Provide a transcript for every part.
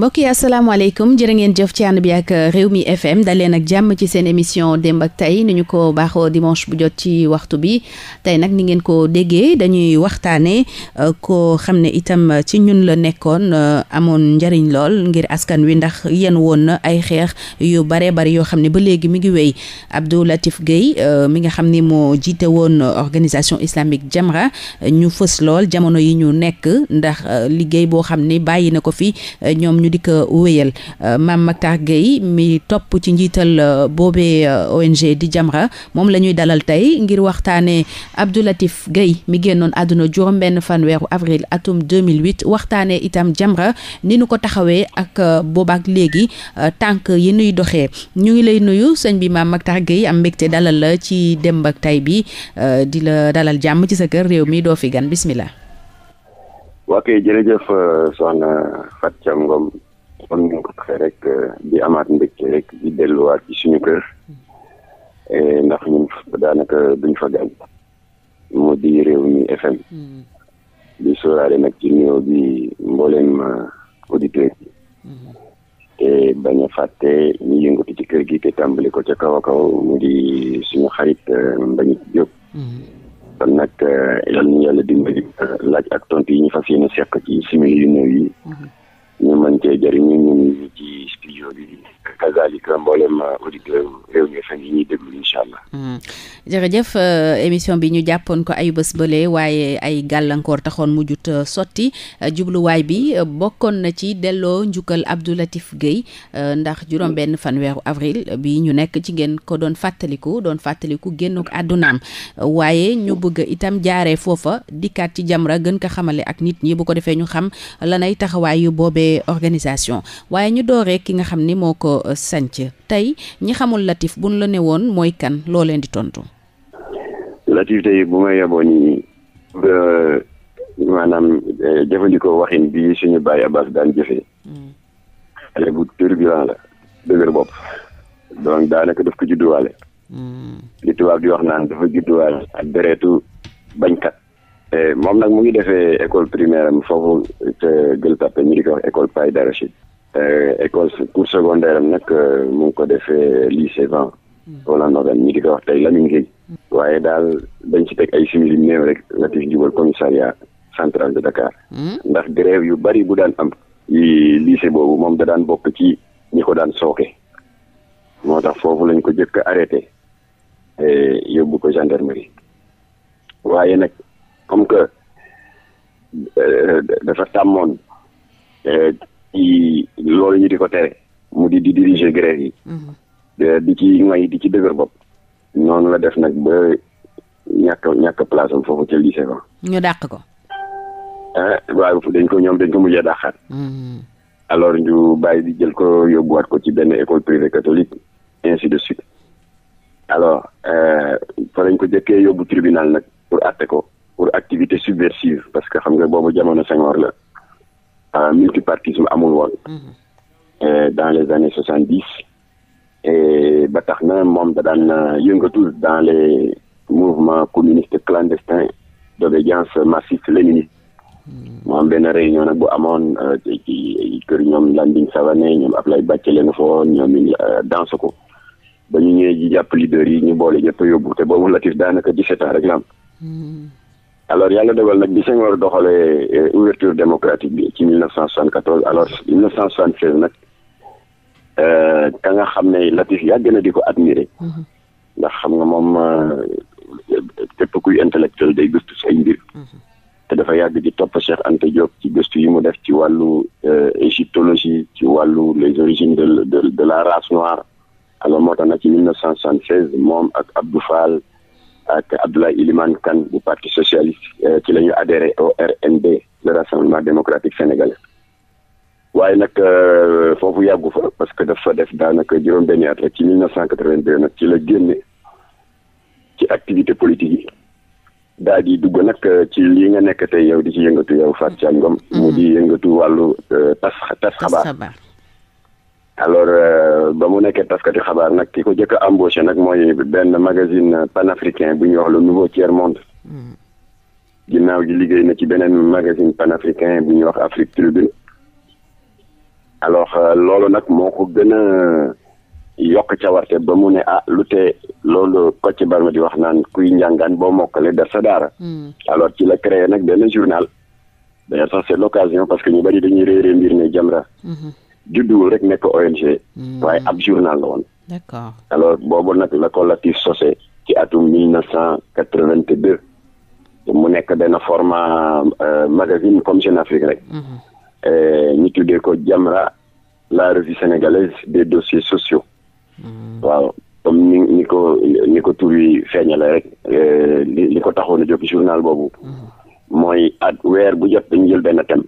mbokk yi asalaamaaleykum jërë ngeen jëf ci ànd bi ak uh, réew mi FM daleen ak jàmm ci seen émission démb ak tey ni ko baaxoo dimanche bu jot ci waxtu bi tey nag ni ngeen ko déggee dañuy waxtaanee uh, koo xam ne itam ci ñun la nekkoon uh, amoon njariñ lool ngir askan wi ndax yenn woon na ay xeex yu baree bari yoo xam ne ba léegi mi ngi wéy Abdou Latif Gueye mi nga xam ni moo jiite woon organisation islamique Jamra ñu fës lool jamono yi ñu nekk ndax liggéey boo xam ne bàyyi na ko fi ñoom ñu di ko wéyal euh, Mame Mactar Guèye mi topp ci njiital euh, boobe euh, ONG di Jamra moom la ñuy dalal tey ngir waxtaanee Abdou Latif Guèye mi génnoon àdduna juróom benn fanweeru avril atum 2008 waxtaanee itam Jamra ni nu ko taxawee ak boobaak léegi tànk yi nuy doxee ñu ngi lay nuyu sëñ bi Mame Mactar Guèye am mbégte dalal la ci démb ak tay bi di la dalal jàmm ci sa kër réew mi doo fi gan bismillah waa kay jërëjëf euh, soxna ca Ngom kon ñu ko waxee rek euh, di amaat mbégte rek di delluwaat ci suñu kër mm. eh, ndax ñun daanaka duñ fa gàñ mu di réew mi FM mm. di sóoraale nag ci nuyoo bi mbooleem euh, auditeurs yi mm-hmm. te bañ a ñu yëngatu ci kër gi te tàmbali ko ca kaw a kaw mu suñu xarit Mbagnick Diop mm-hmm. kon nag eh, yal na yàlla dimbali eh, laaj ak tontu yi ñu fas yéene seq ci simili yu néew yi mhm. ñu mën cee jëriñu ñu ngi ci kazalika mboolem auditeur réew mi fan yi émission bi ñu jàppoon ko ay bés bële waaye ay gàllankoor taxoon mu jut euh, sotti euh, jubluwaay bi euh, bokkoon na ci delloo njukkal Abdou Latif Guèye ndax juróom benn fanweeru avril bi ñu nekk ci ngeen ko doon fàttaliku doon fàttaliku génnuk àddunaam waaye ñu bëgg itam jaaree foofa dikkaat ci Jamra gën ko xamale ak nit ñi bu ko defee ñu xam lanay taxawaayu boobee organisation waaye ñu dooree ki nga xam ni moo ko sanc tey ñi xamul Latif buñ la ne woon mooy kan loo leen di tontu. Latif tey bu ma yeboo nii euh, maanaam euh, jëfandikoo waxin bi suñu bàyyi Abbas daan jëfee. Hmm. xale bu turbulent la dëgër bopp donc daanaka daf ko judduwaale hmm. li tubaab di wax naan dafa judduwaale ak deretu bañkat moom nag mu ngi defee école primaire am foofu te Gueule Tapée ñu di ko wax école Paille d'Arachide Eh, école cours secondaire am nag euh, mu ngi ko defee lycée vent hmm. wala ndoxam ñi di ko wax tey Lamine hmm. Gueye waaye daal dañ ci teg ay simili néew rek Latif jubal commissariat central de Dakar hmm. ndax grève yu bari bu daan am yi lycée boobu moom da daan bokk ci ñi ko daan sooke moo tax foofu lañ ko jëkk arrêté yóbbu ko gendarmerie waaye nag comme que euh, dafa tàmmoon euh, ci loolu ñu di ko tere mu di di diriger grève yi mhm. di ci moy di ci dëgër bopp noonu la def nag ba ñàkk ñàkk place am foofu ca lycée ba ñu dàq ko ah, waaw dañ ko ñoom dañ ko mujjee dàqaat mhm. alors ñu bàyyi di jël ko yóbbuwaat ko ci benn école privée catholique ainsi de suite alors euh, fa lañ ko jëkkee yóbbu tribunal nag pour àtte ko pour activité subversive parce que xam nga boobu jamono Senghor la multipartisme amul woon. Mhm. Euh, dans les années soixante dix. ba tax na moom da daan yëngatu dans les mouvements communistes clandestins d'obédience marxiste léniniste. mu am benn réunion nag bu amoon euh, ci kër ñoom Landing Savané ñoom Ablaye Bathily nu fa woon ñoom ñu euh, danse ko ba ñu ñëwee ji jàpp leader yi ñu boole ñëpp yóbbu te boobu Latif daanaka 17 ans rek la am. Mhm. alors yàlla dogal nag bi Senghor doxalee eh, ouverture démocratique bi ci 1974 alors 1976 nag euh, ka nga xam ne Latif yàgg na di ko admirer mhm. ndax xam nga moom euh, képp kuy intellectuel day gëstu say mbir mhm. te dafa yàgg di top Cheikh Anta Diop ci gëstu yi mu def ci wàllu euh, égyptologie ci wàllu les origines de de de la race noire alors moo tax nag ci 1976 moom ak Abdou Fall. ak Abdoulaye Ilimane Kane bu parti socialiste eh, ci la ñu adhéré au RND le rassemblement démocratique sénégalais waaye nag eh, foofu yàggu fa parce que dafa def daanaka juróom-benni at ci mille neuf cent quatre-vingt-deux nag ci la génne ci activité politique yi daa di dugg nag eh, ci lii nga nekk tey yow di ci yëngatu yow Fatou Thiam Ngom mm-hmm. di yëngatu wàllu tas tas xabaar alors euh, ba mu nekkee taskati xabaar nag ki ko jëkk a embauché nag mooy benn magazine panafricain bu ñuy wax le nouveau tiers monde mm-hmm. ginnaaw gi liggéey na ci beneen magazine panafricain bu ñuy wax Afrique Tribune alors euh, loolu nag moo ko gën a yokk ca cawarte ba mu ne ah lu tee loolu Kocc Barma di wax naan kuy njàngaan boo mokkale def sa daara mm-hmm. alors ci la créé nag benn journal d'ailleurs sax c'est l'occasion parce que ñu bari dañuy réeree mbir ne Jamra mm-hmm. judduwul rek nekk ONG. Hmm. waaye ab journal la woon. alors boobu nag la ko Latif sosé ci atum mille neuf cent quatre-vingt-deux mu nekk benn format euh, magazine comme Jeune Afrique rek. Hmm. ñu tuddee ko Jamra la revue sénégalaise des dossiers sociaux. Hmm. waaw comme ni ni ko ni ko tur yi rek euh, li ko taxoon na jóg journal boobu. mooy at weer bu jot dañu jël benn thème.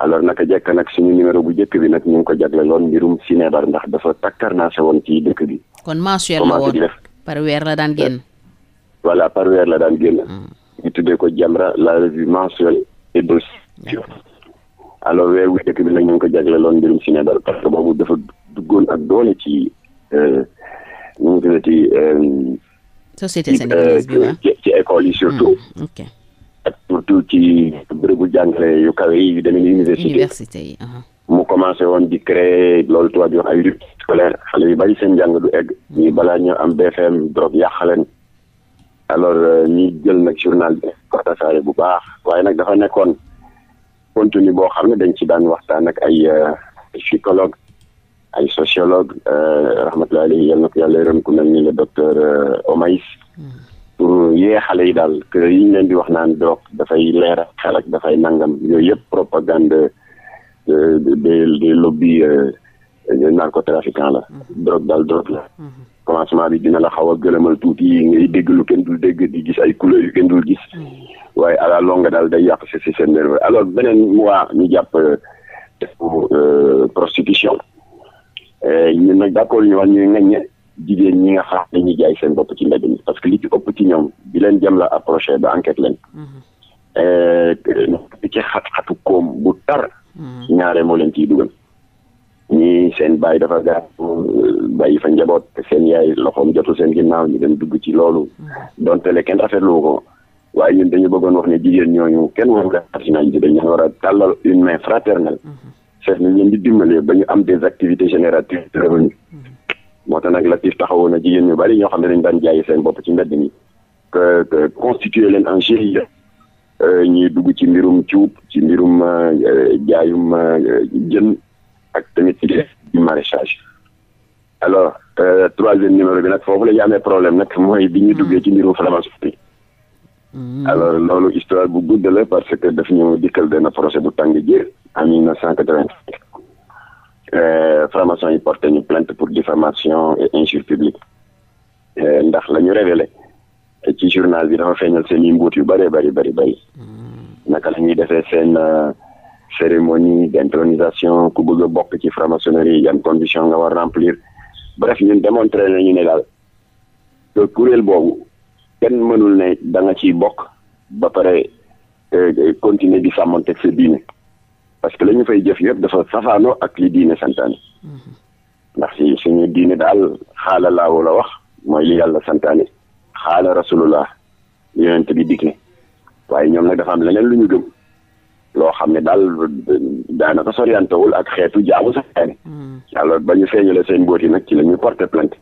alors naka jekk nag suñu numéro bu njëkk bi nag ñu ngi ko jagleeloon mbirum Sinébar ndax dafa takkar naa sa woon ci dëkk bi. kon mensuel la woon par weer la daan génn. voilà par weer la daan génn. Hmm. ñu tuddee ko Jamra la revue mensuelle et de. alors weer bu dëkk bi nag ñu ngi ko jagleeloon mbirum Sinébar parce que boobu dafa duggoon ak doole ci ñu ngi tuddee ci. société euh, sénégalaise bi ci école surtout. Hmm, ak surtout ci bërëbu jàngale yu kawe yi yu demee ni université université yi. mu commencé woon di créer loolu tubaab di wax ay rythme scolaire xale yu bari seen njàng du egg. ñi balaa ñu am BFM drop yàqaleen alors euh, ñi jël nag journal bi ko bu baax waaye nag dafa nekkoon contenu boo xam ne dañ ci daan waxtaan ak ay euh, psychologue ay sociologue euh, rahmatullahi alayhi yal na ko yàlla yërëm ku mel ni le docteur Omaïs hmm. pour yee xale yi daal que yi ñu leen di wax naan drogue dafay leer ak xel ak dafay nangam yooyu yëpp propagande euh, des des lobbies euh, narcotrafiquants la. Mhm. drogue daal drogue la. Mhm. commencement bi dina la xaw a gëlëmal tuuti ngay dégg lu kenn dul dégg di gis ay couleurs yu kenn dul gis mhm. waaye à la longue daal day yàq sa système nerveux alors beneen mois ñu jàpp def euh, prostitution ñun d'accord ñu wax ñuy ŋaññe. jigéen ñi nga xam ne ñuy jaay seen bopp ci mbedd mi parce que li ci ëpp ci ñoom bi leen jëm la approché ba enquête leen. Mm-hmm. ci xat-xatu koom bu tar. Mm-hmm. ñaaree moo leen ci dugal. ñii seen baay dafa gaaw bàyyi fa njaboot seen yaay loxoom jotu seen ginnaaw ñu dem dugg ci loolu. Mm-hmm. donte le kenn rafetlu ko waaye ñun dañu bëggoon wax ne jigéen ñooñu kenn waru leen marginaliser dañu war a tàllal une main fraternelle. seen nañ ñu dimbalee ba ñu am des activités génératrices moo tax nag Latif taxawoon na jigéen ñu bari ñoo xam ne dañ daan jaayi seen bopp ci mbedd mi que constituer leen en GIE euh, ñuy dugg ci mbirum cuub ci mbirum euh, jaayum euh, jën ak tamit ci du maraîchage alors troisième numéro bi nag foofu la amee problème nag mooy bi ñuy duggee ci mbirum franc-maçonnerie hmm. alors loolu histoire bu gudd la parce que daf ñu dikkal benn procès bu tàng jër am mille neuf cent quatre-vingt Euh, franc-maçon yi porté ñu plainte pour diffamation et injure publique euh, ndax lañu ñu révélé ci journal bi dafa feeñal seen i mbuut yu bëree bëri bëri bëri hmm. naka la ñuy defee seen euh, cérémonie d'intronisation ku bëgg a bokk ci franc-maçonnerie yan condition nga war remplir bref ñun démontré nañu ne daal que kuréel boobu kenn mënul ne danga ciy bokk ba pare continuer di sàmmonte sa diine parce que lañu ñu fay jëf yëpp dafa safaanoo ak li diine santaane ndax si suñu diine daal xaala laa la wax mooy li yàlla santaane xaala rasulullah yonent bi dig ne waaye ñoom nag dafa am leneen lu gëm loo xam ne daal daanaka soriantewul ak xeetu jaamu santaane mm. alors ba ñu feeñale seen mbóot yi nag ci la ñu porté plainte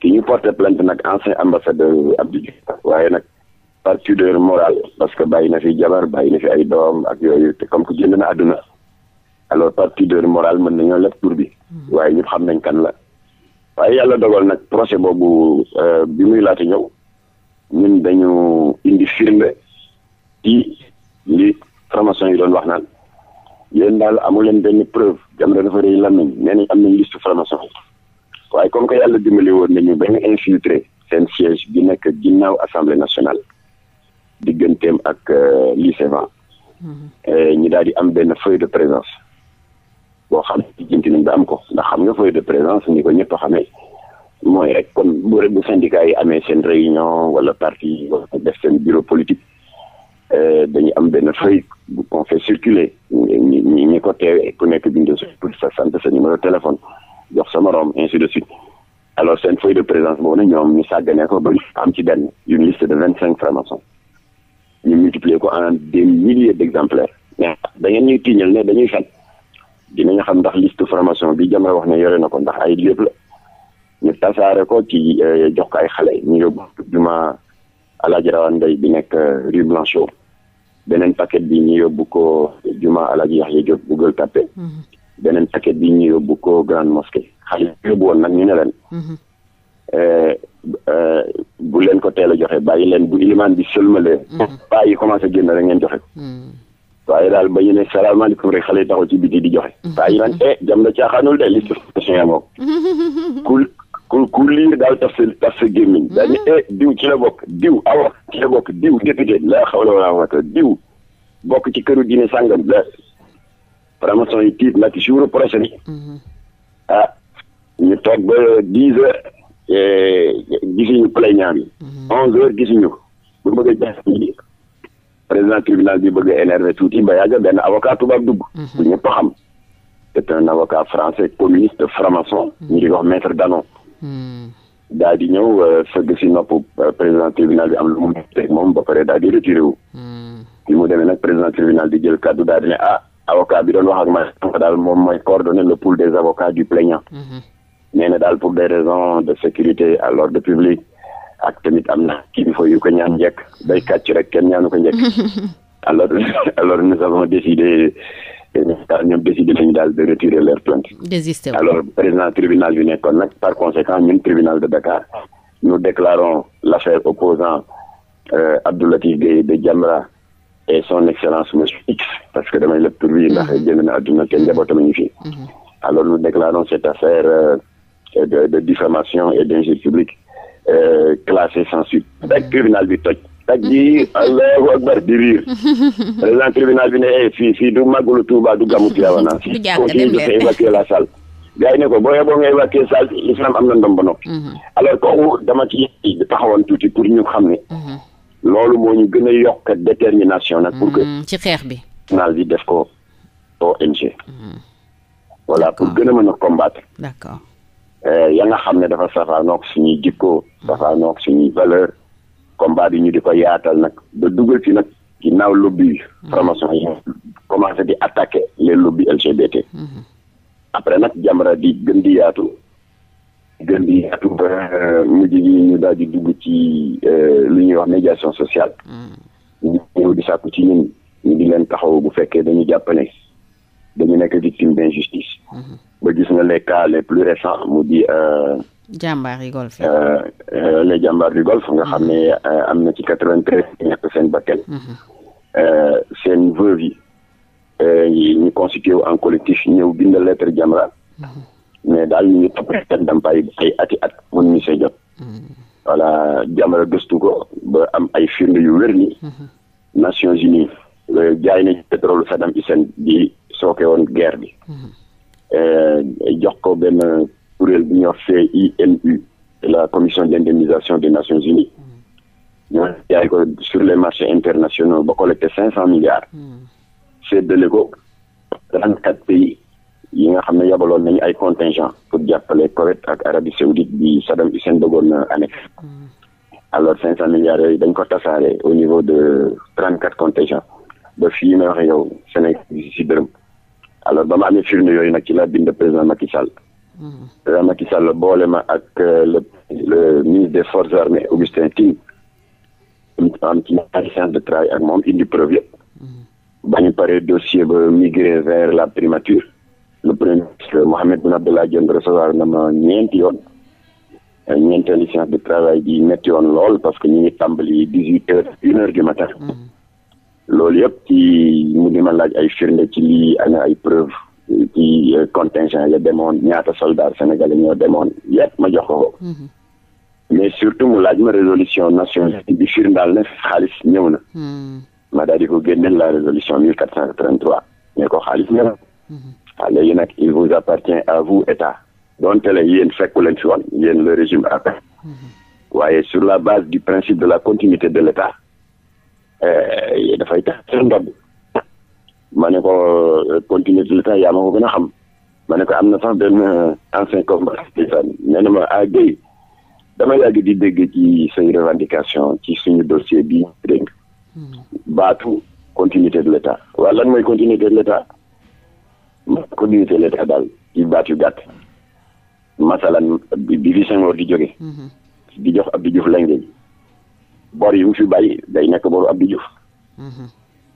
ki ñu porté plainte nag ancien ambassadeur Abdou Diouf waaye nag par pudeur morale parce que bàyyi na fi jabar bàyyi na fi ay doom ak yooyu te comme que génn na àdduna alors par pudeur morale mën nañoo lépp tur bi mm-hmm. waaye ñëpp xam nañ kan la waaye yàlla dogal nag procès boobu euh, bi muy laata ñëw ñun dañu indi firnde ci li formation yi doon wax naan yéen daal amu leen benn preuve Jamra dafa rëy làmmiñ nee nañ am nañ liste formation waaye comme que yàlla dimbali woon nañu ba ñu infiltré seen siège bi nekk ginnaaw assemblée digganteem ak lycée van ñu daal di am benn feuille de présence boo xam ne jënti nañ am ko ndax xam nga feuille de présence ni ko ñëpp xamee mooy rek kon bu rek bu syndicat yi amee seen réunion wala parti wala def seen bureau politique euh, dañu am benn feuille bu qu'on fait circuler ñi ñi ñi ko teewee ku nekk bi bind sa tur sa sant sa numéro téléphone jox sa morom ainsi de suite alors seen feuille de présence boobu nag ñoom ñu sàgganee ko ba am ci benn une liste de vingt cinq francs-maçons ñu multiplier ko en des milliers d' exemplaires ñuy tiñal ne dañuy fen dinañ xam ndax liste formation bi Jamra wax ne yore na ko ndax ay lépp la ñu tasaare ko ci euh, jox ko ay xale ñu yóbbu juma Alaaji Rawaan Ndey bi nekk euh, rue Blanchot beneen paquet bi ñu yóbbu ko juma Alaaji Yaxya Jóob bu Gueule Tapée mm-hmm. beneen paquet bi ñu yóbbu ko Grande Mosquée xale yóbbu woon nag ñu ne leen mm-hmm. euh, bu leen ko teel a joxe bàyyi leen bu ilimaan bi sëlmalee mm-hmm. paa yi commencé génn rek ngeen joxe ko mm-hmm. waaye daal ba ñu ne salaamaaleykum rek xale yi taxaw ci biti di joxe mm-hmm. paa yi naan eh jam na caaxaanul de liste yaa moom ku ku ku daal taf sa gémmiñ daal ne eh, diw ci la bokk diw awa ci la bokk diw député la xawla wala wata diw bokk ci këru diine sàngam la franc-maçon tiit nag jour prochain ah ñu toog ba dix heures Eh, gisuñu plaignant bi. Mhm. onze heures gisuñu bu bëgg a président tribunal bi bëgg a énervé tuuti ba yàgg benn avocat tubaab dugg. bu mhm. ñëpp xam. c'est un avocat français communiste franc-maçon. Mhm. ñu di wax maître Danon. daal di ñëw euh, fëgg si nopp euh, président tribunal bi am lu mu teg moom ba pare daal di retiré wu. mu demee nag président tribunal di jël kaddu daal di ne ah avocat bi doon wax ak ma daal moom mooy coordonner le pool des avocats du plaignant. nee na daal pour des raisons de sécurité à l'ordre public ak tamit am na kilifa yu ko ñaan njekk day kàcc rek kenn ñaanu ko njëkk alors alors nous avons décidé daal ñoom décidé nañu daal de retirer leur plainte alors président tribunal bi nekkoon nag par conséquent ñun tribunal de Dakar nous déclarons l'affaire opposant euh, Abdou Latif Gueye de Jamra et son excellence monsieur X parce que damay lépp tur bi ndax mhm. génn na àdduna kenn njabootam ñu fi mhm. alors nous déclarons cette affaire euh, Euh, de, de diffamation et d'injure euh, mm-hmm. tribunal bi toj. ak ji allahu akbar di riir. président tribunal bi ne eh, fii fii du màggalu Touba du gàmmu Tivaouane. Ah. du jàpp dem leen évacuer la salle. gars yi ne ko boo yeboo nga évacuer salle islam am na ndom ba noppi. Mm-hmm. alors kooku dama ci taxawoon tuuti pour ñu xam ne. Mm-hmm. loolu moo ñu gën a yokk détermination nag. pour que ci xeex bi. tribunal bi def ko ONG. voilà pour gën a mën a combattre. d'accord. Euh, ya nga xam ne dafa safaanook suñuy jikko safaanook suñuy valeur combat bi ñu di ko yaatal nag ba dugal ci nag ginnaaw lobby formation yi commencé di attaquer les lobby LGBT après nag Jamra di gën di yaatu gën di yaatu ba euh, mujj gi ñu daal di dugg ci euh, lu ñuy wax médiation sociale ñu di sàkku ci ñun ñu leen taxaw bu fekkee dañu jàpp dañu nekk victime d'injustice ba gis nga les cas les plus récents mu di. Euh, jàmbaar yi golf. Euh, euh, les jàmbaar du golf nga xam ne mhm. am na ci quatre vingt treize ñàkk seen bakkan. Mhm. seen veuve yi. ñu constitué wu en collectif ñëw bind lettre Jamra mhm. mais daal ñu ngi topp seen ndàmpaay ay ati at mun ñu see jot. voilà gëstu ko ba am ay firnde yu wér ni Nations Unies jaay nañ pétrole Saddam Hussein di sooke woon guerre bi. jox ko benn kuréel bu ñuy wax CINU la commission d'indemnisation des Nations Unies mm. ñoo jaay ko sur les marchés internationaux ba collecté cinq cent milliards mm. séddale ko trente quatre pays yi nga xam ne yabaloon nañu ay contingent pour jàppale Koweït ak Arabie Saoudite bi Saddam bëggoon na annexe mm. alors cinq cent milliards yooyu dañ ko tasaare au niveau de trente quatre contingent ba fii may wax yow Sénégal si dërëm alors ba ma amee firnde yooyu nag ci laa bind président Macky Sall. président Macky boole ma ak euh, le le ministre des forces armées Augustin Tine. de travail moom indi ba ñu paree dossier ba migré vers la primature. le premier ministre Mohamed Boun Abdallah Dionne recevoir na ma ñeenti yoon. ñeenteelu séance de travail bi metti yoon lool parce que ñu ngi tàmbali dix huit heures une heure du matin. loolu yëpp ci mu di ma laaj ay firnde ci lii ana ay preuve ci euh, contingent ya demoon ñaata soldat sénégalais ñoo demoon yëpp ma jox ko mhm. mais surtout mu laaj ma résolution nationale mhm. bi firndaal ne xaalis ñëw na mhm. ma daal di la résolution mille quatre cent trente-trois ne ko xaalis ñëw na waaw ah, léegi nag il vous appartient à vous état donte la yéen fekku leen fi woon yéen waaye sur la base du principe de la continuité de l' état Eh, dafay tax seen ndodd ne ko euh, continuer le temps yaa ma ko gën a xam ma ne am na sax benn euh, ancien combat ndeysaan nee ma ah Guèye dama yàgg di dégg ci say revendication ci suñu dossier bi dégg hmm. baatu continuité de l'état waaw lan mooy continuité de l'état continuité de l'état daal ci baat yu gàtt masalan bi bi fi di jóge hmm. di jox Abdou Diouf lenge bor yi mu fi bàyyi day nekk boru Abdou Diouf mhm.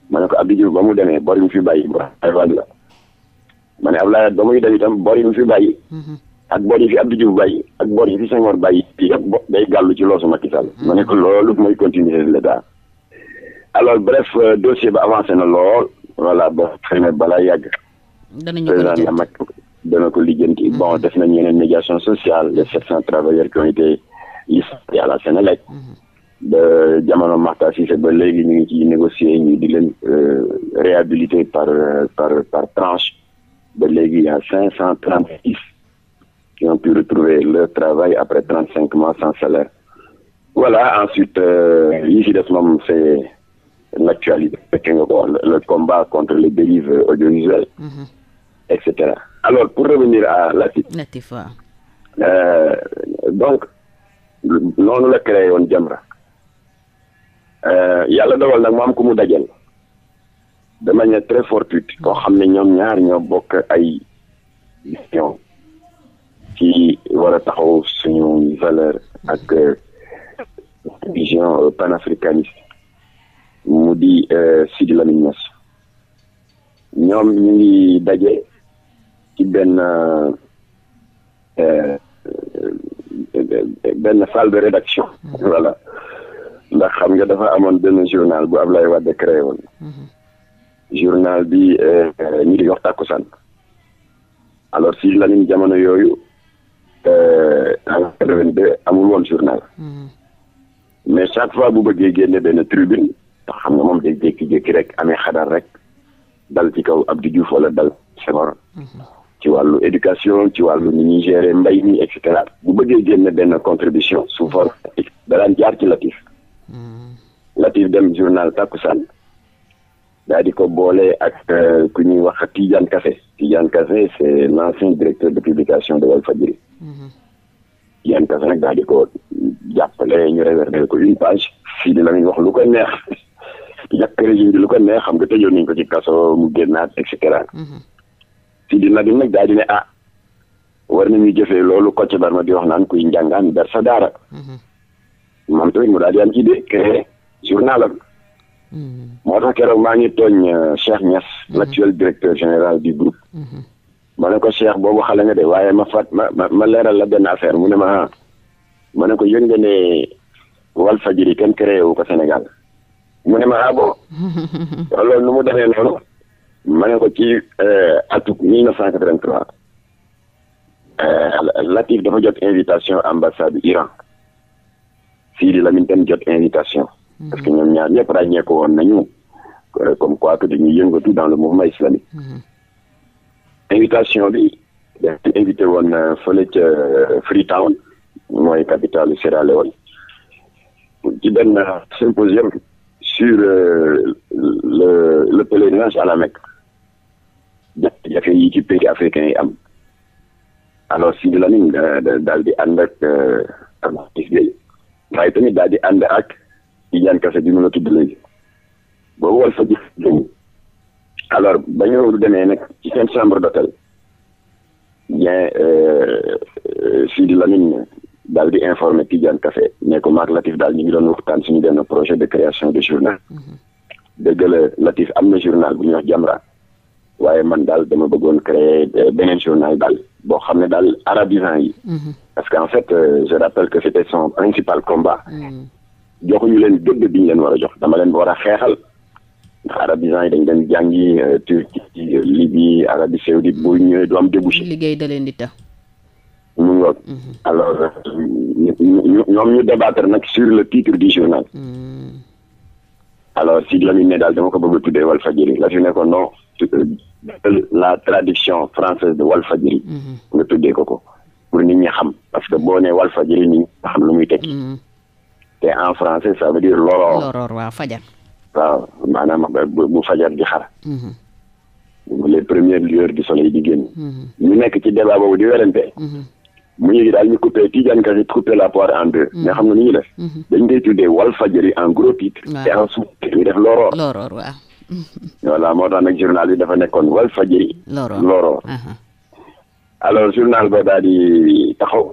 ma ne ko Abdou Diouf ba mu demee bor yi mu fi bàyyi bor Abdoulaye Wade la ma ne Abdoulaye Wade ba muy dem itam bor mu fi bàyyi mhm. ak bor yi fi Abdou Diouf bàyyi ak bor yi fi Senghor bàyyi yëpp bo day gàllu ci loosu Macky Sall mhm. ma ne ko loolu mooy continuité de l'état alors bref euh, dossier ba avancé na lool voilà ba xëy na balaa yàgg président Macky dana ko lijjanti bon def na yeneen médiation sociale les sept cent travailleurs qui ont été licenciés à la Sénélec ba jamono Makhtar Cissé ba léegi ñu ngi ci négocier ñu di leen euh, réhabilité par euh, par par tranche ba léegi y a cinq cent trente six qui ont pu retrouver leur travail après trente cinq mois sans salaire voilà ensuite euh, yi si des moom c'est l'actualité le combat contre les dérives audiovisuelles mm-hmm. et cetera alors pour revenir à Latif Latif waaw donc la créé woon Jamra Euh, yàlla dogal nag mu am ku mu dajal de manière très fortuite koo xam ne ñoom ñaar ñoo bokk ay mission ci war a taxaw suñu valeur ak euh, vision euh, panafricaniste mu di Sidi Lamine Niass ñoom ñu ngi daje ci benn benn salle de rédaction mm-hmm. voilà ndax xam nga dafa amoon benn journal bu Ablaye Wade créé woon journal bi euh, ñu di wax Takkusaan alors si Lamine jamono yooyu euh, en quatre-vingt-deux amul woon journal mais chaque fois bu bëggee génne benn tribune ndax xam nga moom day jékki-jékki rek amee xadar rek dal ci kaw Abdou Diouf wala dal Senghor ci wàllu éducation ci wàllu ni mbay mi et bu bëggee génne benn contribution sous forme da jaar ci Latif Latif dem journal Takusaan daal di ko boole ak euh, ku ñuy wax Tidiane Kassé Tidiane Kassé c'est l'ancien directeur de publication de Walfadjri Tidiane Kassé nag daal di ko jàppale ñu réserver ko une page fii di la ñuy wax lu ko neex ñàkk régime bi lu ko neex xam nga tëjoon nañu ko ci kaso mu génnaat et cetera fii di nag daal di ne ah war nañu jëfee loolu Kocc Barma di wax naan kuy njàngaan ber sa daara moom tamit mu daal di am idée créé journalam mm-hmm. tax keroog maa ngi tooñ euh, Cheikh Niass mm-hmm. l'actuel directeur général du groupe mm-hmm. ma ne ko Cheikh boobu xale nga de waaye ma fat ma ma leeral la benn affaire mu ne ma ma ne ko yëg nga ne Walfadjri kenn créé wu ko Sénégal mu ne ma ah bon loolu nu mu demee noonu ma ne ko ci euh, atuk 1983 euh, Latif dafa jot invitation ambassade Iran Sidi Lamine dem jot invitation. Hmm. parce que ñoom ñaar ñëpp ràññee ko woon nañu euh, comme quoi que dañuy yëngatu dans le mouvement islamique. Hmm. invitation bi dañ invité woon euh, fële ca euh, Freetown mooy capitale Sierra Leone ci benn symposium sur le le pèlerinage à la Mecque jafe-jafe yi ci pays africain yi am alors Sidi Lamine daal di ànd ak Amath waaye tamit daal di ànd ak Tidiane kafe bi mu la tudd léegi boobu wal fa ji jëñ alors ba ñu demee nag ci seen chambre d'hôtel bien euh, euh, Sidi Lamine daal di informe Tidiane kafe ne ko maak Latif daal ñu ngi doon waxtaan suñu benn projet de création de journal mm-hmm. dëgg la Latif am na journal bu ñu wax Jamra waaye man daal dama bëggoon créer euh, beneen journal daal boo xam ne daal arabisant yi. Mhm. parce que en fait euh, je rappelle que c'était son principal combat. Mhm. joxuñu leen gëdd bi ñu leen war a jox dama leen war a xeexal ndax arabisant yi dañ leen jàngi euh, Turquie euh, Libye Arabie Saoudite bu mhm. ñëwee du am débouché. liggéey da di tax. mu ngoog alors ñoom ñu débattre nag sur le titre du journal. alors si Lamine ne daal dama ko bëgg a tuddee Walfadjri la fi nekkoon non. la traduction française de Walfadjri mhm. nga tuddee ko ko pour nit ñi xam parce que boo nee Walfadjri nit ñi xam lu muy tekki mhm. te en français sa veut dire loroor loroor waaw fajar waaw maanaam bu fajar di xar mhm. les premières lueurs du soleil di génn ñu nekk ci débat boobu di werante mu ñu daal ñu coupé Tidiane Kassé coupé la poire en deux nga xam ne ni ñu def dañ koy tuddee Walfadjri en gros titre te en sous-titre def loroor loroor waaw voilà moo tax nag journal bi dafa nekkoon wal fajiri loro alors journal ba daal di taxaw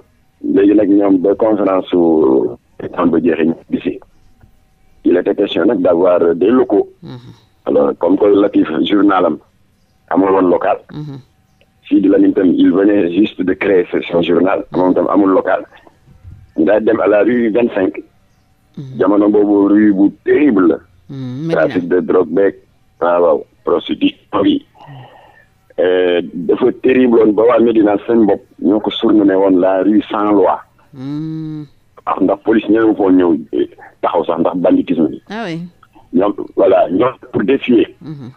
léegi nag ñoom ba conférence su temps ba jeexee ñu bisi il était question nag d' avoir des locaux mhm. alors comme que Latif journalam amul woon local mhm. Sidi Lamine tam il venait juste de créer son journal moom tam amul local ñu daal dem à la rue vingt cinq mhm. jamono boobu rue bu terrible Mm, trafic de drogue beeg. waaw ah, waaw prostitution bi. Eh, dafa terrible woon ba waa Médina seen bopp ñoo ko surnommé woon la rue sans loi. Mm. ah ndax police ñëw foo ñëw eh, taxaw sax ndax banditisme bi. ah oui ñoom voilà ñoom pour défier. Mm-hmm.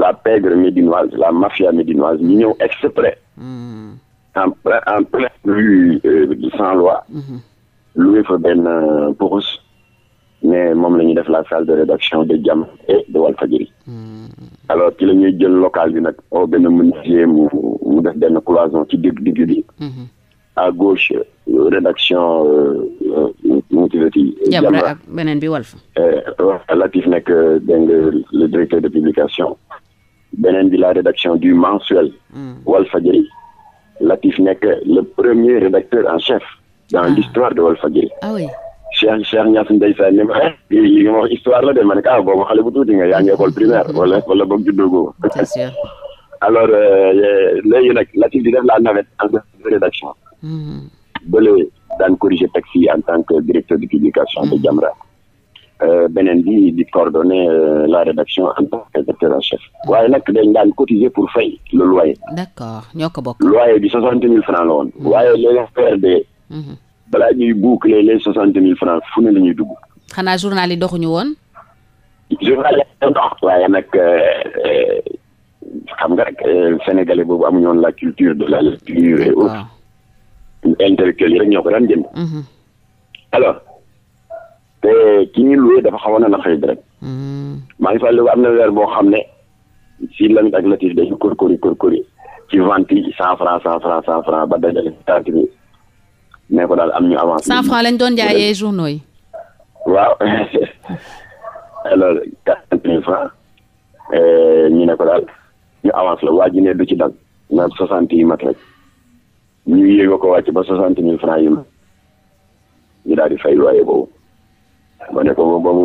la pègre médinoise la mafia médinoise ñu ñëw exprès. Mm. en en pleine rue euh, sans loi. Mm-hmm. loué fa benn bourse. Euh, mais moom la ñuy def la salle de rédaction de Jam et de Walfadjri hmm. alors ci la ñuy jël local bi nag o mu mu def benn cloison ci digg digg bi hmm. à gauche rédaction nu euh, euh, mu tuddati euh, Jamra ak beneen bi Walf Latif nekk dégg nga le directeur de publication beneen bi la rédaction du mensuel hmm. Walfadjri Latif nekk le premier rédacteur en chef dans ah. l'histoire de Walfadjri ah Cheikh Cheikh Niass ndeysaan ni ma yi nga ma wax histoire la de ma ne ko ah boobu xale bu tuuti nga yaa ngi école primaire wala wala boog juddoo alors euh, léegi nag Latif di def la navette en tant que rédaction. Mm-hmm. bële daan corriger texte yi en tant que directeur de publication de mm-hmm. Jamra. Euh, beneen bi di coordonner euh, la rédaction en tant que directeur en chef. waaye nag dañ daan cotiser pour fay le loyer. d'accord ñoo ko bokk. loyer bi soixante mille francs la woon. Mm-hmm. waaye léegi PRD. balaa ñuy boucler les soixante mille francs fu ne la ñuy dugg. xanaa journal yi doxuñu woon. journal yi dox. waaye nag euh, euh, xam nga rek euh, sénégalais boobu amuñu woon la culture de la lecture et autres. intellectuels yi rek ñoo ko daan jënd. Mhm. alors te ki ñuy loué dafa xawoon na na xëy rek. maa ngi fàttaliku am na weer boo xam ne si lan ak latif dañu kórkóri kórkóri ci vente yi cent franc cent franc cent franc ba dajale trente mille ne ko daal am ñu avancé. cent franc lañ doon jaayee journaux yi. waaw euh, ñu ne ko daal ñu avance la waa ji ne du ci dal na soixante yu mat rek ñu yéego ko wàcc ba soixante mille franc yi ma ñu daal di fay loyer boobu ma ne ko ba mu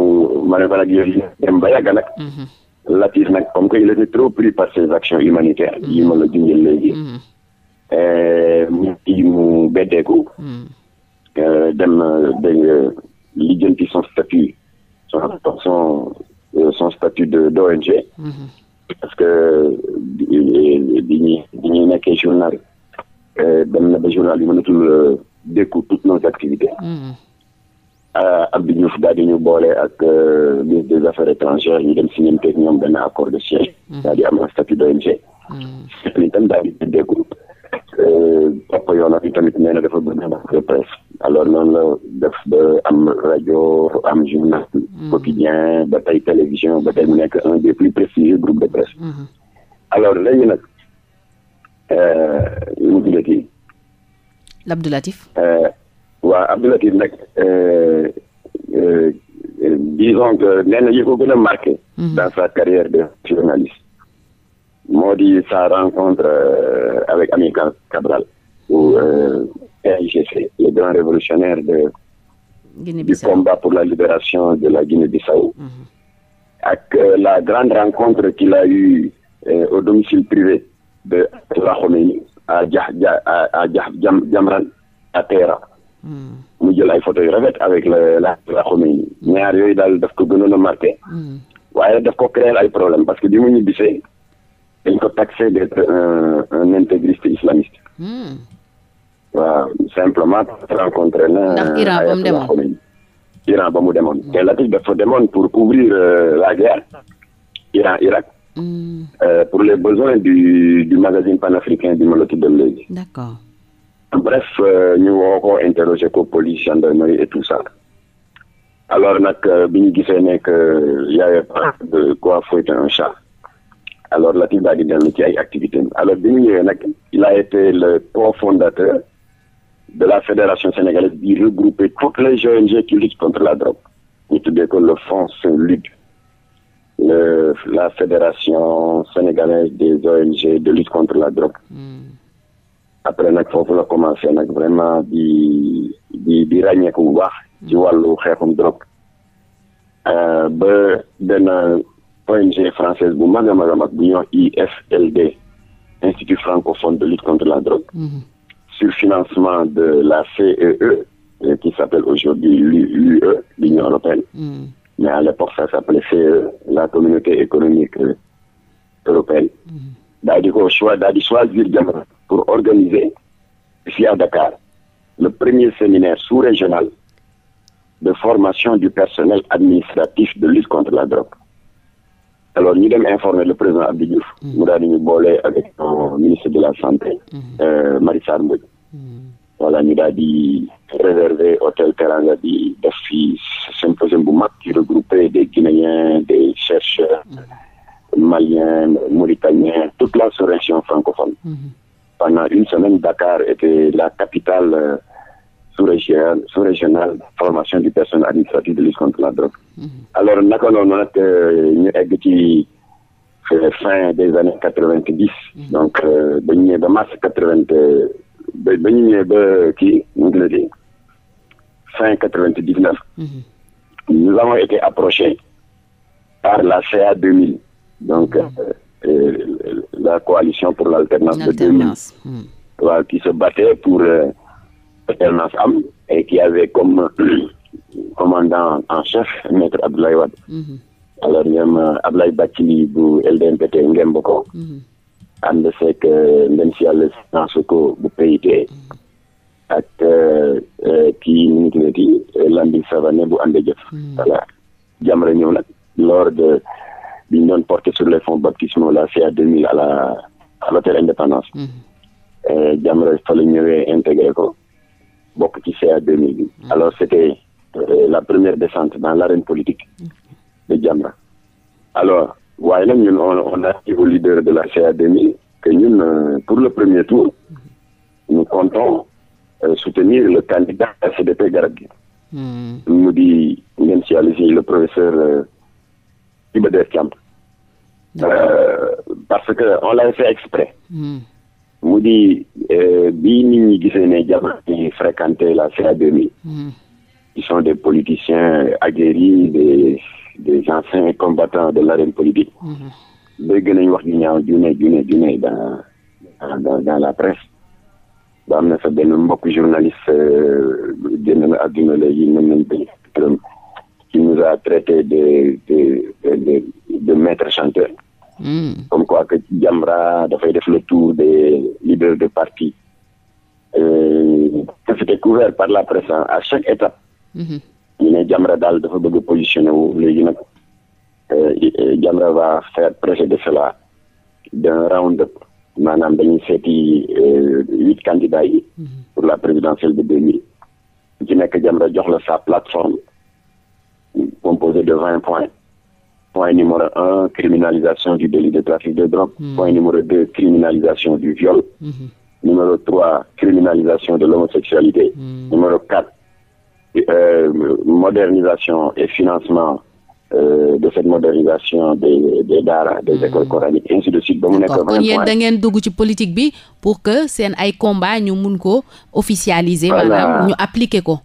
ma ne ko nag yooyu dem ba yàgg nag. Mhm. Latif nag comme que il était trop pris par ses actions humanitaires yi ma la junjee léegi. Mhm. Euh, mu beddeeku. Hmm. Euh, dem dégg nga lijjanti son statut son son euh, son statut de d' ONG. Hmm. parce que bi ñuy bi nekkee journal dem na ba journal yi mënatul dékku toutes nos activités. Hmm. Abdou Diouf daal di ñu boole ak ministre des affaires étrangères ñu dem signé teg ñoom accord de siège. daal am un statut d' ONG. daal Euh, papa yoon yi tamit nee na dafa bëgg ndax de presse alors noonu la def ba am rajo am journal hmm. quotidien ba tey télévision ba mu nekk un des plus prestigieux groupes de presse hmm. alors léegi nag lu euh, mu tuddee kii l'Abdoulatif euh, nag disons que nee na yi ko gën a marqué hmm. dans sa carrière de journaliste moo di sa rencontre euh, avec Ami Cabral ou euh, PAIGC le grand révolutionnaire de du combat pour la libération de la Guinée-Bissau mhm. ak euh, la grande rencontre qu'il a eue au domicile privé de Ayatollah Khomeini à Jah Jah Jamran à Téhéran mhm. mu jël ay photos yu rafet avec le la Khomeini ñaar yooyu daal def ko gënoon a marqué mhm. waaye daf ko créer ay problème parce que bi mu ñibbisee dañ ko taxé d'être un un intégriste islamiste. Hmm. waaw simplement rencontré na. ndax Iran ba mu de Iran ba mu demoon hmm. te Latif dafa pour couvrir euh, la guerre Iran Irak. Hmm. Euh, pour les besoins du du magazine panafricain bi ma la tuddal léegi. bref euh, ñu woo ko ko police gendarmerie et tout ça. alors nag bi ñu gisee nekk y avait pas de quoi un chat. alors Latif daal di dellu ci ay activités alors bi mu nag il a été le cofondateur de la fédération sénégalaise bi regroupé toutes les ONG qui luttent contre la drogue ñu tuddee ko le fonds SOLUD le la fédération sénégalaise des ONG de lutte contre la drogue hmm. après nag foofu la commencé nag vraiment di di di ràññeeku bu baax ci wàllu xeexum drogue euh, ba benn ONG française bu mag a mag a mag ñuy wax IFLD institut francophone de lutte contre la drogue mmh. sur financement de la CEE e, euh, qui s'appelle aujourd'hui l'UE l'Union européenne mhm. mais à l'époque ça s'appelait CE e, la communauté économique euh, européenne mhm. daa di ko choix daa di choisir pour organiser ici à Dakar le premier séminaire sous-régional de formation du personnel administratif de lutte contre la drogue alors ñu dem informer le président Abdou Diouf. Mm. mu ñu boole avec euh, ministre de la santé. Mm. Euh, Marie Sarr Mbodj. Mm. ñu daal di hôtel Teranga def fi symposium bu mag qui regroupé des Guinéens des chercheurs. maliens mauritaniens toute la sous-région francophone. Mm-hmm. pendant une semaine Dakar était la capitale. Euh, sous-régional sous formation du personnel administratif de lutte contre la drogue. alors naka noonu nag euh, ñu egg ci euh, fin des années quatre-vingt-dix. donc euh, ba ñu ñëwee ba mars quatre-vingt ba ba ñu ñëwee fin quatre-vingt-dix-neuf. nous avons été approchés par la CA 2000 donc euh, la coalition pour l'alternance de 2000 waaw hmm. qui se battait pour. alternance am et qui avait comme euh, commandant en chef maître Abdoulaye Wade mhm. alors ñoom Abdoulaye Bathily bu LDMPT ngemb ko ànd mhm. seeg euh, ndem si yàlla Sissoko bu PIT mhm. ak euh, kii nu ñu tuddati Landing bu ànd jëf voilà Jamra ñëw nag lors de bi porté sur les fonds baptismaux la CA 2000 à la à Indépendance Jamra fa ñëwee intégré ko bokk ci CA 2000 bi alors c'était euh, la première descente dans l'arène politique mm. de Jamra alors waaye nag ñun on a dit au leader de la CA 2000 que ñun euh, pour le premier tour nous comptons euh, soutenir le candidat HDP Garab gi mm. mu di ngeen si àll le professeur Iba Der Thiam parce que on l'a fait exprès mm. mu di euh, bii nit ñi gisee ne jamono yi fréquenté la CA2000. ils hmm. sont des politiciens aguerris des des anciens combattants de l'arène politique. Hmm. dégg nañ wax ñu ñaaw junne junne junne dans dans dans la presse. ba am sa benn mbokk journaliste euh, génn na àdduna léegi mën nañ bañ a. qui nous a traité de de de de chanteur. Hmm. comme quoi que Jamra dafay def le tour de leaders de parti. c'était euh, couvert par la presse à chaque étape. Hmm. ñu ne Jamra daal dafa bëgg a wu léegi nag Jamra euh, va faire précéder cela d'un round-up maanaam dañuy seeti euh, huit candidats yi. Hmm. pour la présidentielle de deux mille. ci nekk Jamra jox la sa plateforme composée de vingt points. Point numéro un, criminalisation du délit de trafic de drogue. Hmm. criminalisation du viol. Hmm. Numéro trois, criminalisation de l'homosexualité. Mmh. Numéro quatre, euh, modernisation et financement euh, de cette modernisation des des daara des hmm. écoles coraniques ainsi de suite ba mu nekk. kon yéen da ngeen ci politique bi pour que seen ay combat ñu mun ko officialiser. maanaam ñu appliquer ko.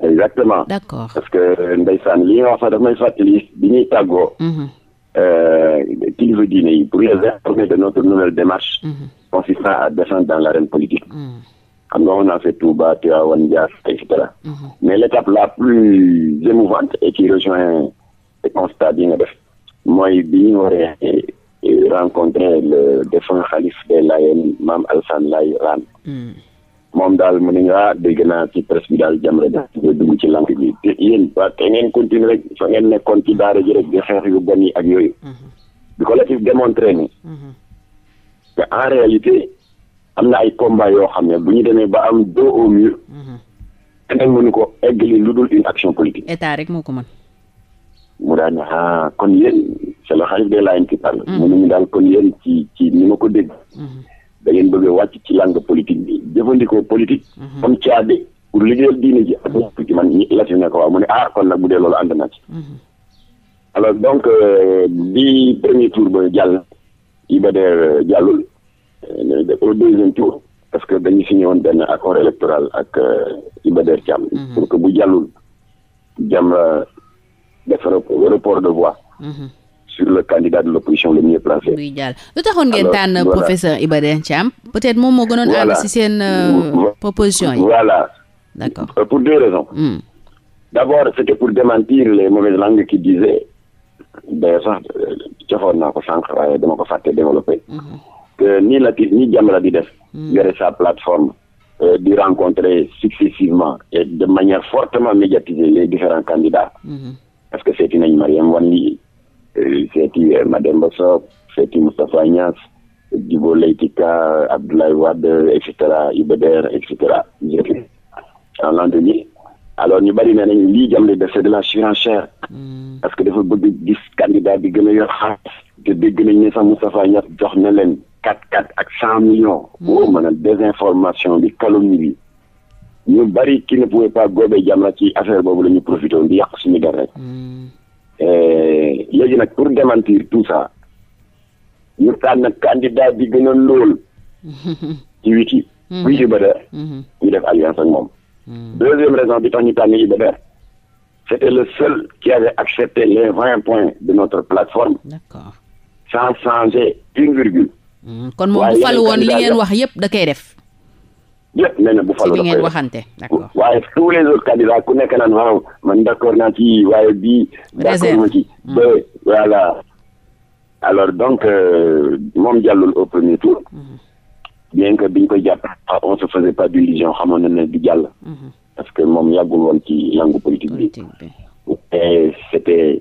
exactement d'accord parce que ndeysaan li a wax sax daf may fàttali bi ñuy tàggoo. Mhm. Euh, kilifa diine yi pour les informer de notre nouvelle démarche. Mhm. consistant à descendre dans l'arène politique. Mhm. xam on a fait Touba Tivaouane Ndiass et cetera. mais l'étape la plus émouvante et qui rejoint le constat bi nga def mooy bi ñu waree euh, rencontrer le défunt xalif des Layènes Mame Alassane Laye moom daal mu ne ah dégg naa ci presse bi daal jàmm rek nga dugg ci lank bi te yéen waa te ngeen continuer rek ngeen nekkoon ci daara ji rek di xeex yu bon yi ak yooyu. Mm-hmm. bi ko Latif démontré ni mm-hmm. que en réalité am na ay combat yoo xam ne bu ñu demee ba am dos au mur. Mm-hmm. ko eggali lu dul une action politique. état rek moo ko mën. mu daan ah kon yéen c'est le khalife des Layènes qui mu ne ñu daal kon yéen ci ci ni ma ko dégg. da ngeen bëgg a wàcc ci langue politique bi jëfandikoo politique. Mhm. comme caade pour liggéeyal diine ji mhm. ak ñëpp ci man ñi latif ne ko waaw mu ne ah kon nag bu dee loolu ànd na ci. Mhm. alors donc euh, bi premier tour ba jàll Iba Der euh, jàllul euh, au deuxième tour parce que dañu signé ñëwoon benn accord électoral ak Iba Der pour que bu jàllul jàmm def report de voix. sur le candidat de l'opposition le mieux placé. buy jàll lu taxoon ngeen tànn professeur Iba Der Thiam peut-être moom moo gënoon ànd si seen euh, proposition yi voilà d'accord euh, pour deux raisons hmm. d'abord c'était pour démentir les mauvaises langues qui disaient d'ailleurs sax euh, joxoon naa ko sànq waaye dama ko hmm. que ni Latif ni Jamra di def hmm. yore sa plateforme di rencontrer successivement et de manière fortement médiatisée les différents candidats. parce que seeti nañ Mariam Wane lii seeti eh, Mademba Sock seeti Moustapha Niass Djibo Leyti Ka Abdoulaye Wade et cetera Iba Der et cetera alors ñu bari nee nañ lii jam de def de la surenchère hmm. parce que dafa bëgg gis candidat bi gën a yor xaalis te dégg nañ ne sax Moustapha Niass jox na leen quatre quatre ak cent millions woo hmm. mën a désinformation bi calomnie bi ñu bari ki ne pouvait pas góobee Jamra ci affaire boobu la ñu profité woon di yàq suñu der rek hmm. Eh, léegi nag pour démentir tout ça ñu tànn candidat bi gën a lool. ci witi. buy mhm. Iba Der. Mhm. ñu def alliance ak moom. Mhm. deuxième raison bi tax ñu tànn Iba c'était le seul qui avait accepté les vingt points de notre plateforme. d'accord sans changer une virgule. kon moom bu falu woon li ngeen wax yépp da koy def. yëpp nee na e bu falu da koy waxante d'accord waaye tous les autres candidats ku nekk naan waaw man d'accord naa ci waaye bii d'accord ma ci ba voilà alors donc euh, moom jàllul au premier tour mm-hmm. bien que biñ koy jàpp ah, on se faisait pas d'illusion xamoon na ne di jàll mm-hmm. parce que moom yàggul woon ci bi et c'était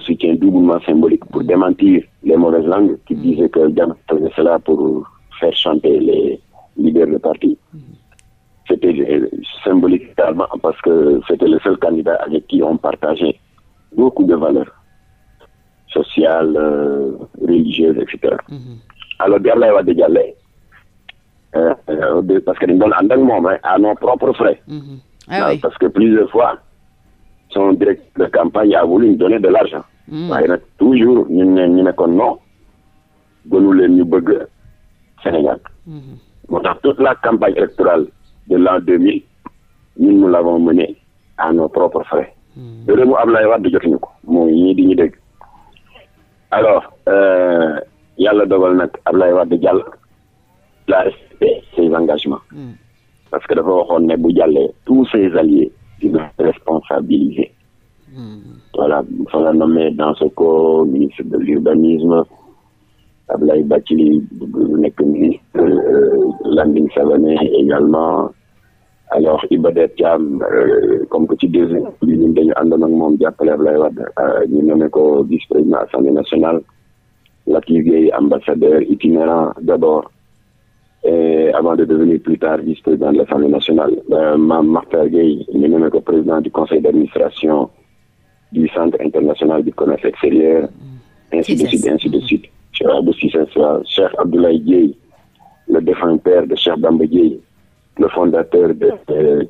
soutien doublement symbolique pour mm-hmm. démentir les mauvaises langues qui disaient que Diomaye faisait cela pour faire chanter les libère le parti. C'était euh, symbolique parce que c'était le seul candidat avec qui on partageait beaucoup de valeurs sociales, euh, religieuses, etc. Mhm. alors Ablaye Wade Dialle euh, euh, parce que dañ doon ànd ak moom à nos propres frais. Mhm. Ah ah, parce que plusieurs fois son directeur de campagne a voulu ñu donner de l' argent. Mhm. waaye nag toujours ñu ne ñu ne ko non gënu leen ñu Sénégal. moo tax toute la campagne électorale de l'an 2000 ñun nous l'avons menée à nos propres frais. dërëmu hmm. Ablaye Wade jotuñu ko mooy ñii di ñu dégg. alors euh, yàlla dogal nag Ablaye Wade jàll. la respecté ses engagements. Hmm. parce que dafa waxoon ne bu jàllee tous ses alliés dina responsabiliser. Hmm. voilà fa la nommé dans ce ministre de l'urbanisme Ablaye Bathily nekk ministre euh, Landing Savané également alors Ibadet Thiam euh, comme que ci deuxième bi ñun dañu àndoon ak moom jàppale Ablaye Wade euh, ñu ko vice président assemblée nationale Latif Gueye ambassadeur itinérant d'abord et avant de devenir plus tard vice président de l'assemblée nationale Mame Makhtar Gueye ñu nommé ko président du conseil d'administration du centre international du commerce extérieur ainsi de suite ainsi de suite Cheikh Abdou Cissé Cheikh Abdoulaye Dièye le défunt père de Cheikh Bamba Dièye le fondateur de euh,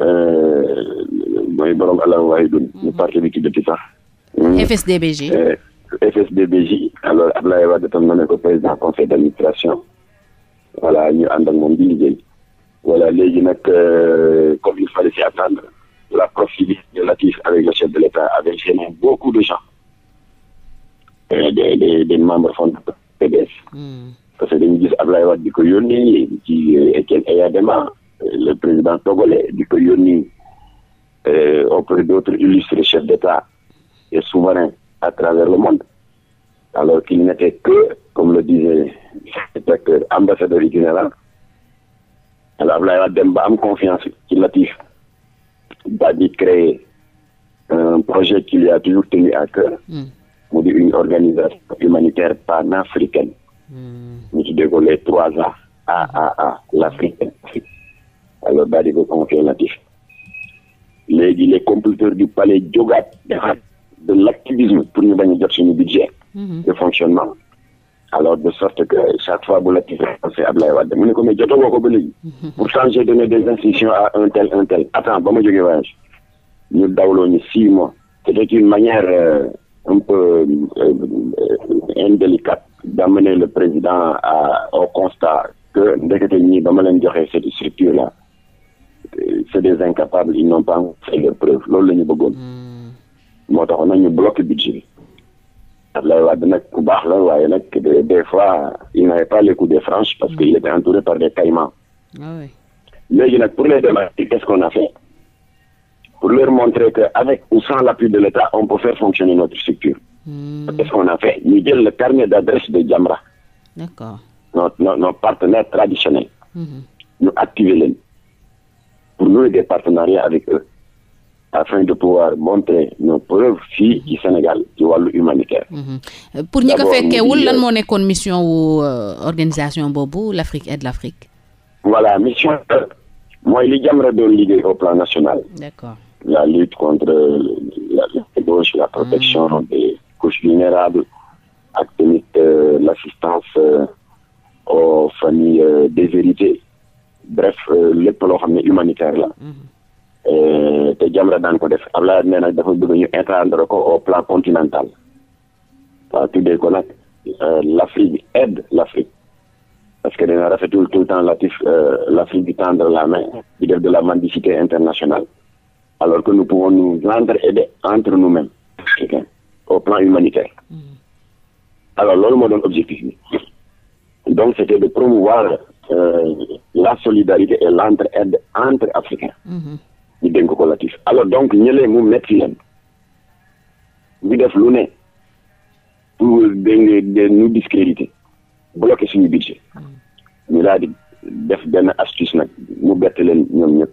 euh, mooy borom allah wahidun ñu mhm. parti bi tuddati sax. FSDBJ. FSDBJ alors Abdoulaye Wade tam ma ne ko président conseil d' administration voilà ñu ànd ak moom di liggéey voilà léegi nag euh, comme il fallait s'y attendre la proximité relative avec le chef de l' État avait beaucoup de gens. Euh, des des des membres fondateurs PDS. Hmm. parce que dañu gis Ablaye Wade di ko yónni ci euh, Étienne Eyadema euh, le président togolais di ko yónni auprès d'autres illustres chefs d'État et souverains à travers le monde alors qu'il n'était que comme le disait cet ambassadeur itinérant alors Ablaye Wade dem ba am confiance ci Latif daal di créer un projet qui lui a toujours tenu à cœur. Hmm. mu di une organisation humanitaire panafricaine hmm. ñu tuddee ko les trois A AAA l'Africaine Afrique alors daal di ko confirmatif léegi les comploteurs du palais jógaat de l'activisme pour ñu bañ a jot suñu budget hmm. de fonctionnement alors de sorte que chaque fois bu Latif c'est Ablaye Wade mu ne ko mais jotagoo ko ba léegi hmm. pour changer donner des instructions à un tel un tel attends ba ma jógee voyage ñu dawloo ñu six c'était une manière euh, un peu euh, euh, indélicate d'amener le président à, au constat que ndekete ñii ba ma leen joxee cette structure là euh, c'est des incapables ils n'ont pas fait leur preuve loolu la ñu bëggoon hmm. moo tax nañu bloqué budget bi Abdoulaye Wade nag ku baax la waaye nag des fois il n'avait pas les coups de franche parce qu'il hmm. était entouré par des caïmans ah léegi nag pour les démarrer qu'est-ce qu'on a fait pour leur montrer que avec ou sans l'appui de l'État on peut faire fonctionner notre structure. Mmh. Qu'est-ce qu'on a fait ñu jël le carnet d'adresse de Jamra. D'accord. nos nos nos partenaires traditionnels. Hmm. ñu activer leen pour nouer des partenariats avec eux afin de pouvoir montrer nos preuves fii ci Sénégal ci wàllu humanitaire. Hmm. Euh, pour ñi ko fekkeewul lan moo nekkoon mission wu euh, organisation boobu l'Afrique aide l'Afrique. voilà mission euh, mooy li Jamra doon liggéey la lutte contre la gauche la protection mmh. des couches ak tamit l'assistance euh, aux familles euh, déshéritées bref euh, lépp loo xam ne humanitaire la mm-hmm. te Jamra daan ko def Ablaye nee nag dafa bëgg ñu étendre ko au plan continental waa tuddee nag l'Afrique aide l'Afrique parce que dina rafetul tout le temps latif l'Afrique di tendre la main di def de la mendicité internationale alors que nous pouvons nous rendre aider entre nous-mêmes africains au plan humanitaire mm. alors loolu moo doon objectif bi donc c'était de promouvoir euh, la solidarité et l'entraide entre africains mm-hmm. ñu dénk ko Latif donc ñëlee mu metti leen ñu def lu ne pour de nu discréditer bloquer suñu budget mm. ñu daal di def benn astuce nag mu bett leen ñoom ñëpp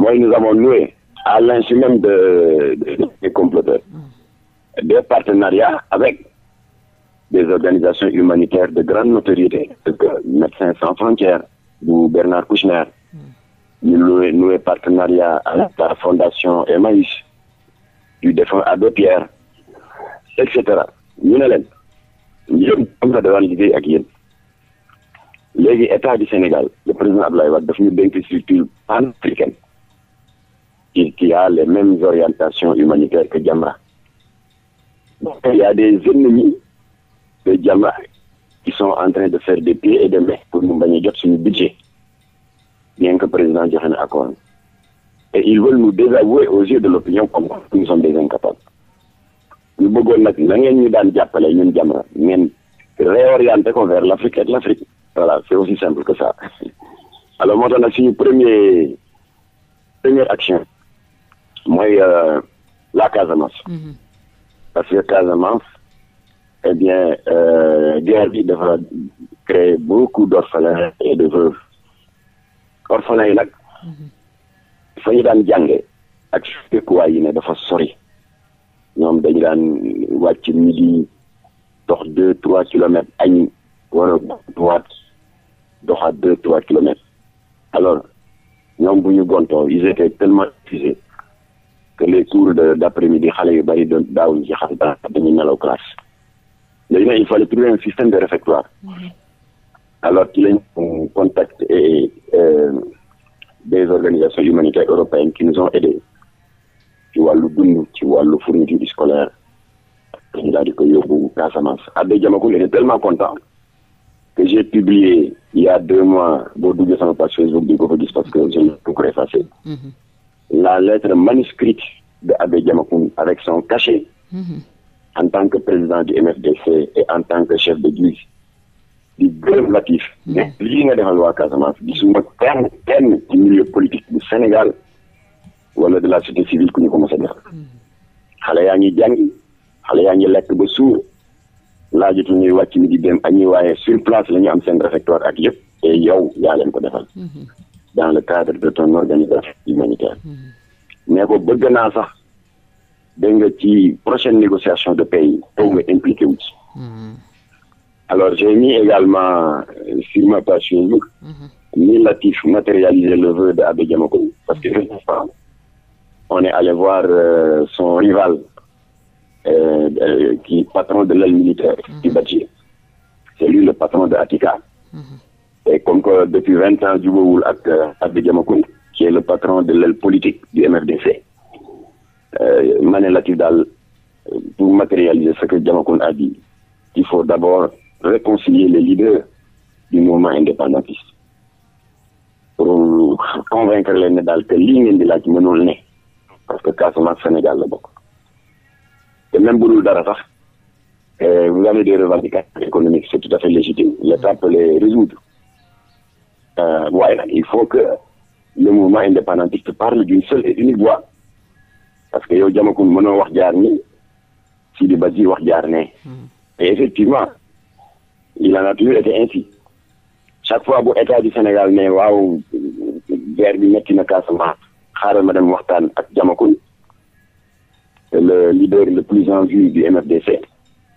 mooy nous avons noué à l'insu même de, de, des comploteurs, hmm. des partenariats avec des organisations humanitaires de grande notoriété, de que Médecins sans frontières ou Bernard Kouchner. Hmm. Nous noué, partenariat avec la fondation Emmaüs, du à Abbé Pierre, etc. ñu ne leen yéen am na dawaan liggéey ak yéen léegi état du Sénégal le président Abdoulaye Wade daf ñu dénk panafricaine qui, qui a les mêmes orientations humanitaires que Djamra. Donc, il y a des ennemis de Djamra qui sont en train de faire des pieds et des mains pour nous baigner sur le budget, bien que le président Djohan accorde. Et ils veulent nous désavouer aux yeux de l'opinion comme nous sommes des incapables. Nous voulons nous nous nous réorienter vers l'Afrique et l'Afrique. Voilà, c'est aussi simple que ça. Alors, maintenant, c'est une première, première action. mooy euh, la Casamance. Mhm. parce que Casamance eh bien euh, guerre bi dafa créer beaucoup d'orphelins et de veuves orphelins yi nag mhm. fa ñu daan jànge ak dëkkuwaay yi ne dafa sori ñoom dañu daan wàcc midi dox deux trois kilomètres añ wala doxaat doxaat deux trois kilomètres alors ñoom bu ñu gontoo ils étaient tellement que les cours de d' midi xale yu bëri doon daawuñu ci xam dara dañuy nelaw classe léegi nag il fallait trouver un système de réfectoire mhm. alors ci lañ contact et euh, euh, des organisations humanitaires européennes qui nous ont ci wàllu dund ci wàllu fourniture scolaire ñu daal di ko yóbbu Casamance Adé Diamacoune était tellement content que j'ai publié il y a deux mois boo duggee sama page Facebook di ko fa gis parce que je l'ai tout effacé mhm. la lettre manuscrite de Abbé Diamacoune avec son cachet mhm. en tant que président du MFDC et en tant que chef d'église di gërëm Latif li mhm. lii nga defal waa Casamance gisuma kenn kenn ci milieu politique du Sénégal wala de la société civile ku ñu ko mos a defal mhm. xale yaa ngi jàngi xale yaa ngi lekk ba suur laajatul ñuy wàcc mi di dem añuy waaye sur place la ñu am seen réfectoire ak yëpp te yow yaa leen ko defal dans le cadre de ton organisation humanitaire hmm. mais ko bëgg naa sax dégg nga ci prochaine négociation de paix yi impliqué wu ci hmm. alors j'ai mis également euh, sur Facebook hmm. ni Latif matérialiser le vœu de Abbé Diamacoune parce que on est allé voir euh, son rival euh, qui patron de l'aile militaire du Badji c'est le patron de Atika et comme que depuis vingt ans jubóowul ak euh, Abdou Diamacoune qui est le patron de l'aile politique du MFDC euh, ma ne Latif daal pour matérialiser ce que Diamacoune a dit il faut d'abord réconcilier les leaders du mouvement indépendantiste pour convaincre leen ne daal que lii ngeen di laaj mënul ne parce que Casamance Sénégal la bokk te même bu dul dara sax euh, vous avez des revendications économiques c'est tout à fait légitime l'État peut les résoudre waaye euh, nag il faut que le mouvement indépendantiste parle d'une seule et unique parce que yow jamakun mënoo wax jaar ni Sidi Badji wax jaar ne hmm. et effectivement il en a toujours été ainsi chaque fois bu état du Sénégal ne waaw guerre bi metti na Casamance xaaral ma dem waxtaan ak jamakun le leader le plus en vue du MFDC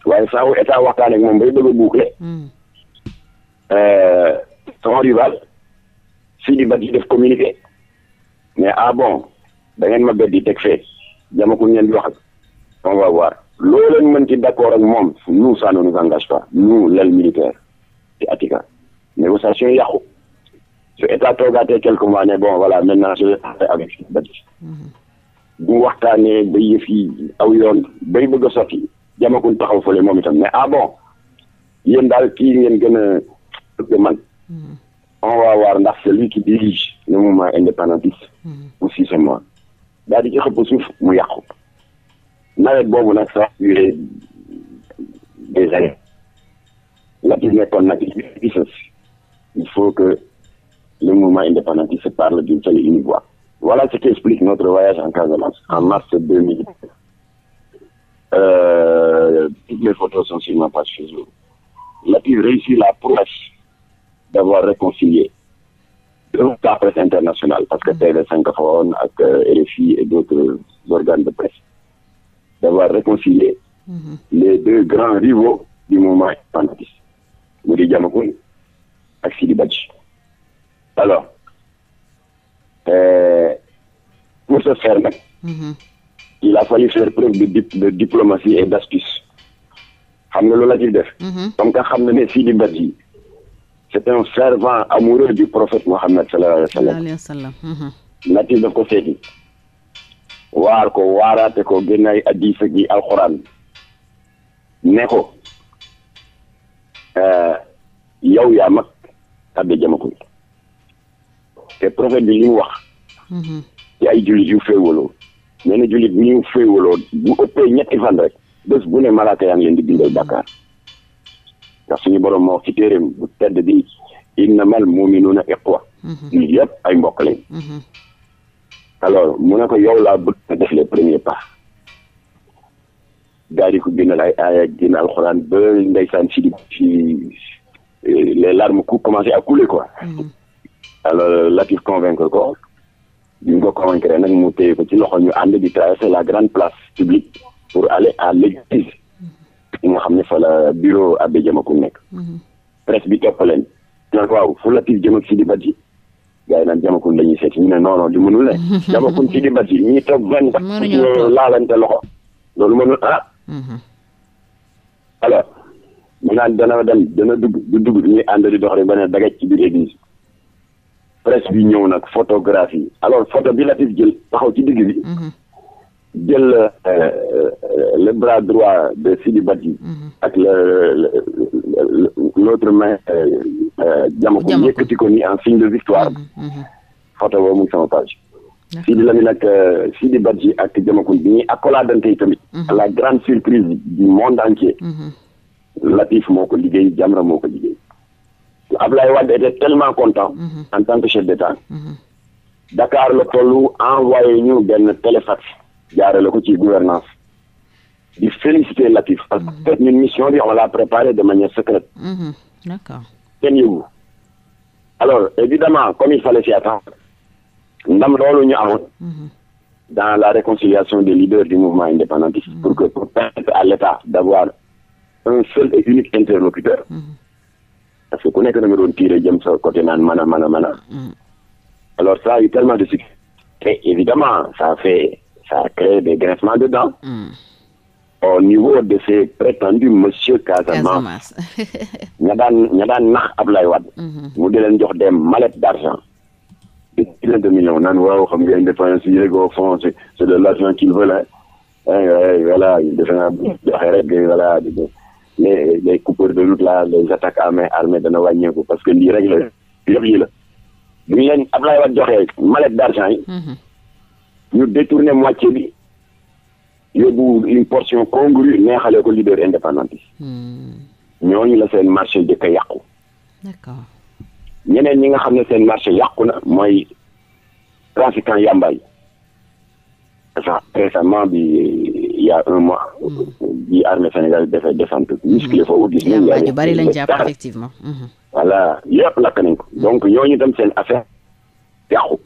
waaye saa wu état waxtaan ak moom bay bëgg a boucler hmm. euh, sama rival Sidi Badji def communiqué mais ah bon dangeen ngeen ma yi teg fee jama ku ngeen di waxal on va voir loolu lañ mën ci d'accord ak moom nous ça ne sa engage pas nous l'aile militaire ci Atika négociation yàqu su état toogaatee quelques mois ne bon voilà maintenant je vais avec Sidi Badji bu waxtaanee ba yëf yi aw yoon bay bëgg a sotti jama ku taxaw fële moom itam mais ah bon yéen daal kii ngeen gën a man Mm. on va voir ndax celui qui dirige le mouvement indépendantiste. Mm. aussi seulement daal di ci xëpp suuf mu yàqu. nawet boobu nag sax duré des années. la ci nekkoon nag il faut que le mouvement indépendantiste parle d'une seule et unique voilà ce qui explique notre voyage en Casamance en mars deux mille. Euh, toutes les photos sont sur ma page Facebook. la réussit la prouesse. d'avoir réconcilié deux la presse internationale parce que TV5 dafa woon ak euh, RFI et d'autres euh, organes de presse d'avoir réconcilié mm-hmm. les deux grands rivaux du mouvement indépendantiste mu di Diamacoune ak Sidi Badji alors euh, pour ce faire mm-hmm. il a fallu faire preuve de, diplomatie et d'astuce xam nga loolu la ci def mm-hmm. comme xam na ne Sidi Badji c'est un fervent amoureux du prophète Mohammed sallallahu alayhi wa daf ko seeti waar ko waaraate ko génn ay hadiis gi alxuraan ne ko euh, yow yaa mag tàbbi jamakul te prophète bi li mu wax mhm. ci ay jullit yu féewaloo nee jullit bu ñu féewaloo bu ëppee ñetti fan rek bés bu ne malaaka ngi leen di bindal bàkkaar ndax suñu borom moo ci téeréem bu tedd bi innamal mu'minuuna ikhwa ñu mhm. yëpp ay mbokk lañ mhm. alors mu ne ko yow laa bëgg nga def les premiers pas daal di ko bindal ay aaya génn alxuraan ba ndeysaan si di si euh, les ku commencé à couler quoi mhm. alors Latif convaincre ko bi ko convaincre nag mu téye ko ci loxo ñu ànd di traverser la grande place publique pour aller à l'église bi nga xam ne fa la bureau abbé Diamacoune nekk. Mhm. presse bi topp leen. waaw fu Latif jëm ak Sidi Badji gars yi naan Diamacoune la ñuy seet ñu ne non non li mënul ne. Diamacoune Sidi Badji ñuy toog benn. mënuñoo toog laalante loxo. loolu mënul ah. Mhm. alors mu naan dana dem dana dugg du dugg ñuy ànd di dox rek ba ne dagaj ci biir église. presse bi ñëw nag photographie alors photo bi Latif jël taxaw ci digg bi. Mhm. jël euh, euh, le bras droit de Sidi Bati. Mhm. ak le l'autre main jama euh, ko yëkkati ko ni en signe de victoire. Mhm, mhm. photo boobu mu ngi sama page. Sidi Lamine ak Sidi Badji ak Diamacoune bi ñuy accoladante tamit. à la grande surprise du monde entier. Latif moo ko liggéey Jamra moo ko liggéey. Ablaye Wade était tellement content. en tant que chef d'État. Dakar la tollu envoyé ñu benn téléfax. jaarale ko ci gouvernance di féliciter Latif parce que mhm. ñun mission bi on l'a préparée de manière secrète mhm. d'accord kenn yëgu alors évidemment comme il fallait s'y attendre ndam loolu ñu amoon mhm. dans la réconciliation des leaders du mouvement indépendantiste mm -hmm. pour que pour permettre à d'avoir un seul et interlocuteur mm -hmm. parce que ku nekk da nga doon tiire jëm sa côté naan mana mana mana alors ça a eu tellement de succès et évidemment ça a ça crée des de dents. o au niveau de ces prétendus monsieur Casamance ña daan ña daan nax Ablaye Wade hmm. mu di leen jox de mallettes d'argent des dizaines de millions naan waaw xam nga indépendance si rek au fond c'est c'est de l'argent qu'ils veulent eh, eh, voilà defe joxe rek voilà les les coupeurs de route la les attaques à main armée dana wàññeeku parce que lii rek la yëpp yi la bu ñu leen Ablaye Wade joxee d'argent yi hmm. ñu détourné moitié bi yóbbu une portion congrue neexalee ko leader indépendantiste hmm. ñooñu la seen marché jëkk a yàqu. ñeneen ñi nga xam ne seen marché yàqu na mooy trafiquant yamba yi ça récemment bi il y a un mois. Hmm. bi armée Sénégal dafay descente musclé hmm. foofu gis nañ. ñu bari lañ jàpp effectivement. voilà yëpp lakk nañ ko donc ñooñu tam seen affaire yàqu.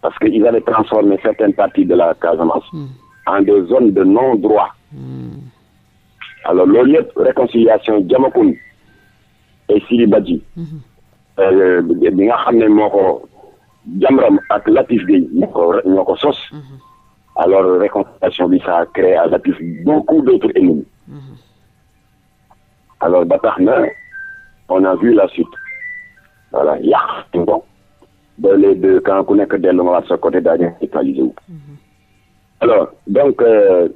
parce qu'ils avaient transformé certaines parties de la Casamance mmh. en des zones de non-droit. Hmm. alors loolu yëpp réconciliation Diamacoune et Siri hmm. euh, bi nga xam ne moo ko Jamram ak Latif Gueye ñoo ko hmm. alors réconciliation bi créé à Latif beaucoup d'autres ennemis alors ba tax on a vu la suite voilà yàq bon dans les deux camps ku nekk dellu nga waat sa côté daañu neutralisé wu. alors donc euh,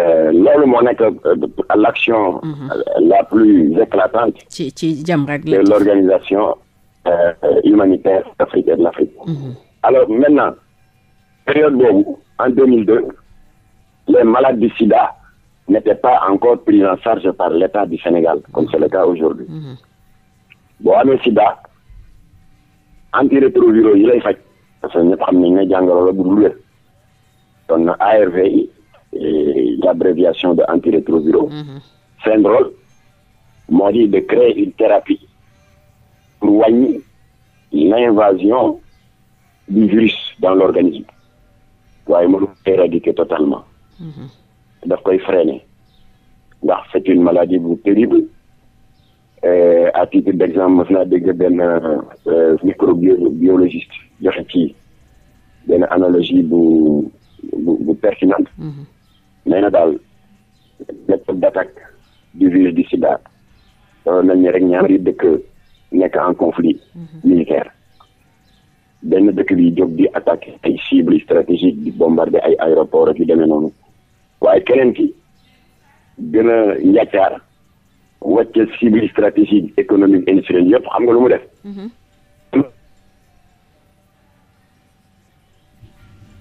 euh, loolu moo nekk euh, l' action. Mhm. la plus éclatante. de l' organisation humanitaire africaine de l' Afrique. Mhm. alors maintenant période boobu en deux mille deux les malades sida n'étaient pas encore pris en charge par l' état du Sénégal comme mhm. c' est le cas aujourd'hui boo sida. antirétroviraux yi lay faj parce que ñëpp xam nañ ne jàngoro la bu dul wér kon ARV l'abréviation eh, de antirétroviraux mm-hmm. seen rôle moo di de créer une thérapie pour wàññi l'invasion du virus dans l'organisme waaye mënu éradiquer totalement mm-hmm. daf koy freiner ndax c'est une maladie bu terrible Euh, à titre d' exemple mas naa dégg benn euh, microbiologiste joxe ci benn analogie bu bu bu pertinente. Mhm. nee na daal méthode d' du virus du sida nañ ne rek ñaari dëkk nekk en conflit mhm. militaire benn dëkk bi jóg di attaqué ay cibles stratégiques di bombardé ay aéroport ak yu demee noonu waaye keneen ki gën a njàccaar wàcce cible stratégique économique industrielle yëpp xam nga lu mu def. Mhm.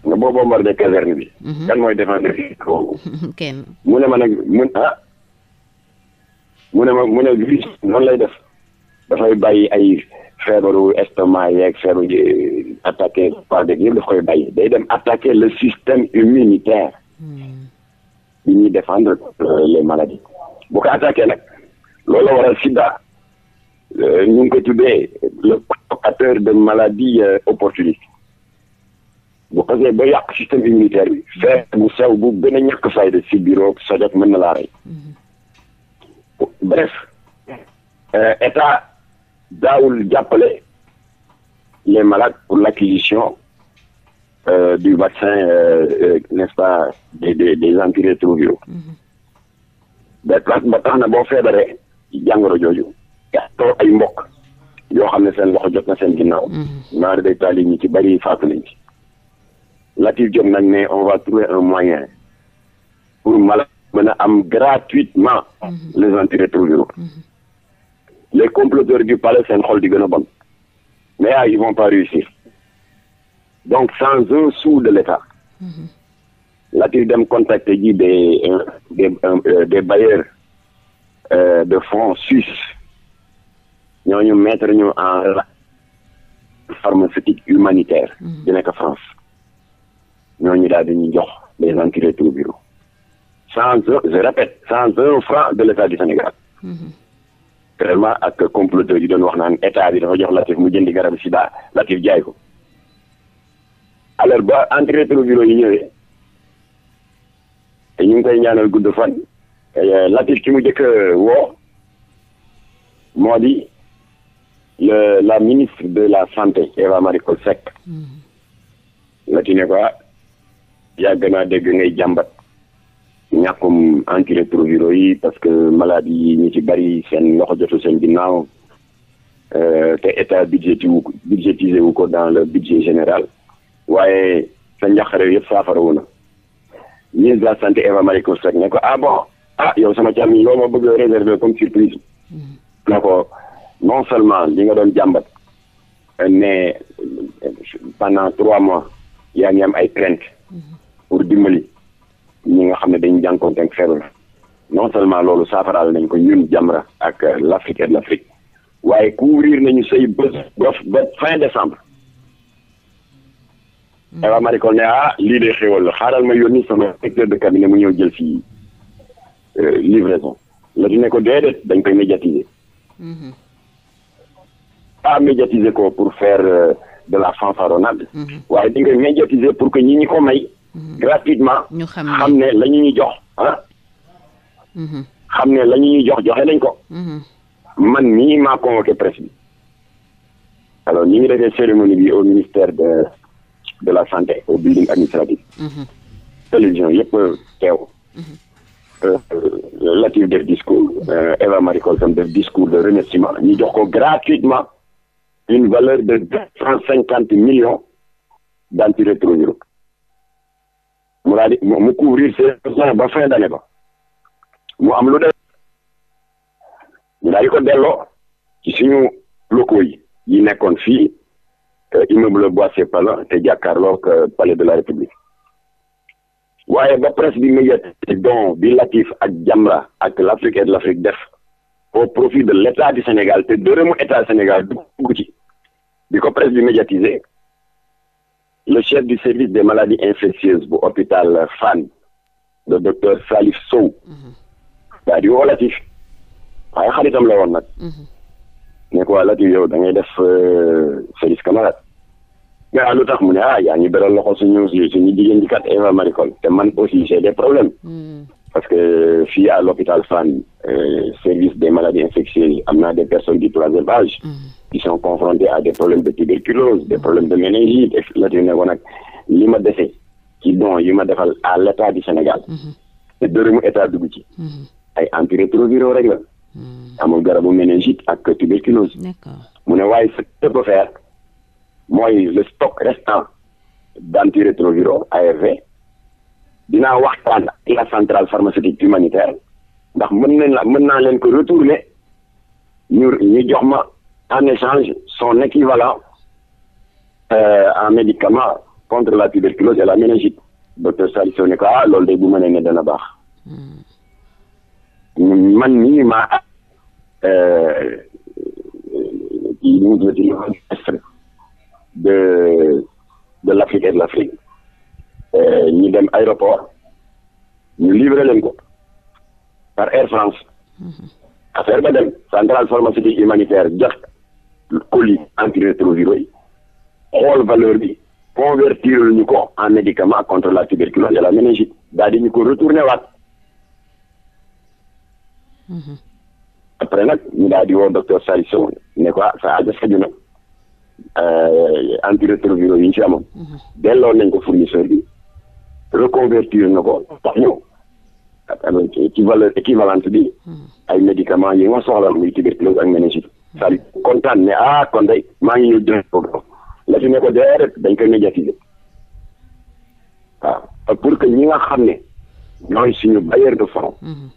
nga boo bombardé caserne bi. Mhm. kan mooy défendre boobu. kenn mu ne ma nag mu ne ah, ma mu ne virus noonu lay def dafay bàyyi ay feebaru estomac yeeg feebaru attaqué par dégg yëpp daf koy bàyyi day dem attaquer le système immunitaire. Hmm. bu ko attaqué nag. loolu la waral sida euh, ñu ngi ko tuddee le provocateur de maladie euh, opportuniste bu xasee ba yàq système immunitaire bi feer bu sew bu gën a ñàkk fayda si bureau sojot mën na laa rey mm-hmm. bref euh, état daawul jàppale les malades pour l'acquisition euh, du vaccin euh, nest pas des des des antirétroviraux. ba mm-hmm. ba tax na boo feebaree jàngoro jooju. yaatoo ay mbokk yoo xam ne seen loxo jot na seen ginnaaw. Mm-hmm. maanaam day taal ñi ci bari faatu nañ ci. Latif Diop nag ne on va trouver un moyen pour malade mën a am gratuitement mm-hmm. les antirétroviraux. Mm-hmm. les comploteurs du palais seen xol di gën a bon. mais ah ils vont pas réussir. donc sans un de l'État. Latif dem contacter ji des euh, des euh, euh, des Euh, de fonds suisse ñooñu mettre ñu en pharmaceutique humanitaire mhm. di nekk France ñooñu daal di ñu jox les antirétroviraux sans je répète sans un de l'État du Sénégal mhm. vraiment ak comploteur yi doon wax naan état bi dafa jox Latif mu jëndi garab sida Latif jaay ko alors ba antirétroviraux yi ñëwee te ñu ngi koy ñaanal gudd fan Latif ki mu njëkk woo moo di le la ministre de la santé Eva Marie Coll Seck mm-hmm. Latif ko yàgg naa dégg ngay jàmbat ñàkkum antirétroviraux yi parce que maladie yi ñu ci bari seen loxo jotu seen ginnaaw euh, te état budgéti wu budgétisé wu ko dans le budget général waaye sa njaqare yëpp saafara wu ministre de la santé Eva Marie Coll Seck ne ko ah bon ah yow sama càmm yi yow ma bëgg réserver comme surprise mm-hmm. na ko non seulement li nga doon jàmbat mais pendant trois mois yaa ngi am ay crainte mm-hmm. pour dimbali ñi nga xam ne dañu jànkoonteeg feebar non seulement loolu saafaraal dañ ko ñun Jamra ak euh, l'Afrique et l'Afrique waaye couvrir nañu say bés ba ba fin décembre Awa mm-hmm. Marie Coll ne ah lii de xéwal xaaral ma yónni sama directeur de cabinet mu ñëw jël fii Euh, livraison la du ne ko déedéet dañ koy médiatiser mhm. pas médiatiser ko pour faire euh, de la fanfaronnade mhm. waaye dañ koy médiatiser pour que ñi ñi ko may mhm. gratuitement xam ne la ñu ñu jox ah xam ne la ñu jox joxe lañ ko man nii maa convoqué presse bi alors ñi ngi defee cérémonie bi au ministère de de la santé au building administratif télévision yëpp teew Euh, euh, Latif def discours euh, Eva Marie Coll Sam def discours de remerciement ñu jox ko gratuitement une valeur de deux cent cinquante millions d'antirétroviraux mu daal di mu couvrir seen ba fin d'année ba mu am lu de ñu daal di ko delloo ci suñu locaux yi yi nekkoon fii immeuble Boissé Pala te jàkkaarloog palais de la République waaye ba presse bi médiatique don bi Latif ak Jamra ak l'Afrique et de l'Afrique def au profit de l'état du Sénégal te dërëmu état Sénégal dugg bi ko presse bi médiatisé le chef du service des maladies infectieuses bu hôpital Fann le docteur Salif Sow mhm. daa di woo Latif waaye xaritam la woon nag mhm. ne waa Latif yow da def euh, service camarade gaa lu tax mu ne ah yaa ngi beral loxo suñu suñu jigéen ji kat Eva Marie Coll te man aussi c'est des problèmes mm. parce que euh, fii à l'hôpital Fann euh, service des maladies infectieuses am naa des personnes du troisième âge mm. qui sont confrontées à des problèmes de tuberculose des problèmes de méningite et la ne ko nag li ma defee ci don yi ma defal à l'état du Sénégal mm-hmm. te dërëmu état dugg ci mm-hmm. ay antirétroviraux rek la mm. amul garabu méningite ak tuberculose mu ne waaye c'est peu faire mooy le stock restant d'antirétroviraux ARV dinaa waxtaan la centrale pharmaceutique humanitaire ndax mën nañ la mën naa leen ko retourner ñu jox ma en échange son équivalent euh, en médicament contre la tuberculose et la méningite docteur Saliou ne ko ah loolu bu ma ne dana baax man nii maa euh, euh, kii nu mu tuddati de de l'Afrique et l'Afrique euh, ñu dem aéroport ñu livré leen ko par Air France mm-hmm. affaire ba dem centrale pharmaceutique humanitaire jox colis antirétroviraux yi xool valeur bi convertir ñu ko en médicament contre la tuberculose et la méningite daal ñu ko retourné waat mm-hmm. après nag ñu daal di woo docteur ne ko sa aajo faju na Euh, antirétroviraux yi ñu ci amoon. Mhm. delloo nañ ko fournisseur bi reconvertir na ko tax ñëw ci valeur équivalente bi ay médicaments yi nga soxla muy tuberculose ak méningite c'est-à-dire kontaan ne ah kon day maa ngi ñëw jënd ko la fi ne ko déedéet dañ koy médiatiser waaw pour que ñi nga xam ne ñooy suñu bailleurs de fonds mhm.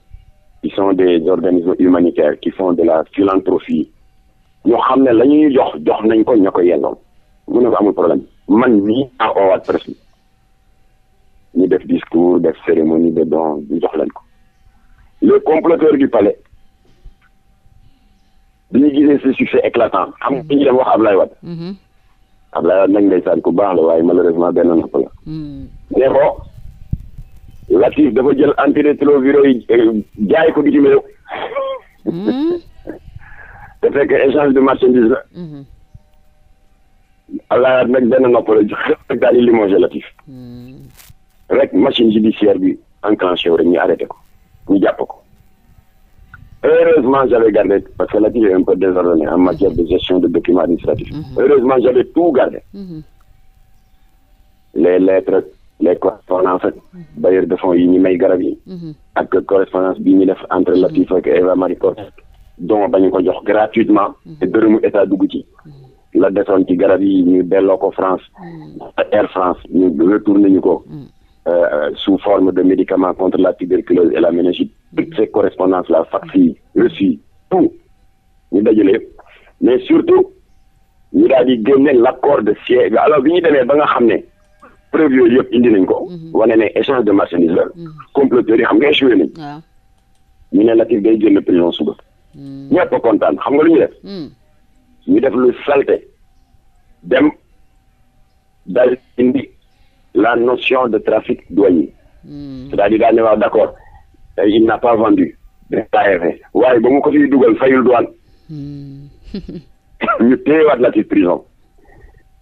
ils sont des organismes humanitaires qui font de la philanthropie ñoo xam ne la ñuy jox jox nañ ko ña ko yelloon mu ne ko amul problème man nii a oowaat presse bi ñu def discours def cérémonie de don ñu jox leen ko les comploteurs du palais bi ñu gisee ce succès éclatant xam nga ñu dem wax Ablaye Wade mm-hmm. Ablaye Wade nag ndeysaan ku baax la waaye malheureusement benn nopp la mm. ne ko Latif dafa jël antirétroviraux yi eh, jaay ko bitim réew mm. te fekk échange de marchandise la. Mhm. allah nag benn nopp la jox rek daal di limogé Latif. Mhm. rek machine judiciaire bi enclenché wu rek ñu arrêté ko ñu jàpp ko. heureusement j'avais gardé parce que Latif est un peu désordonné en matière de gestion de documents administratifs. Mhm. heureusement j'avais tout gardé. les lettres les correspondances ak bailleurs de fonds yi may garab yi. ak correspondance bi ñu entre Latif Eva Marie Coll. donc bañu ko jox gratuitement mm. te dërëmu état dugg ci mm. la desoon ci garab yi ñu delloo ko France mm. Air France ñu retourné ñu ko euh, sous forme de médicaments contre la tuberculose et la méningite toutes ces correspondances là fax reçu tout ñu dajale yëpp mais surtout ñu daal di génne l'accord de siège alors bi ñu demee ba nga xam ne preuve yooyu yëpp indi nañ ko mm-hmm. wane e échange de marchandise la mm-hmm. comploteurs yi xam nga échoué nañ ñu ne Latif day génn prison suba ñëpp kontaan xam nga lu ñu def. Hmm. ñu def lu salte dem dal indi la notion de trafic douanier. Hmm. c'est-à-dire daal ne waaw d'accord euh, il n'a pas vendu. waaye ba mu ko fiy dugal fayul douane. Hmm. ñu téyewaat la ci prison.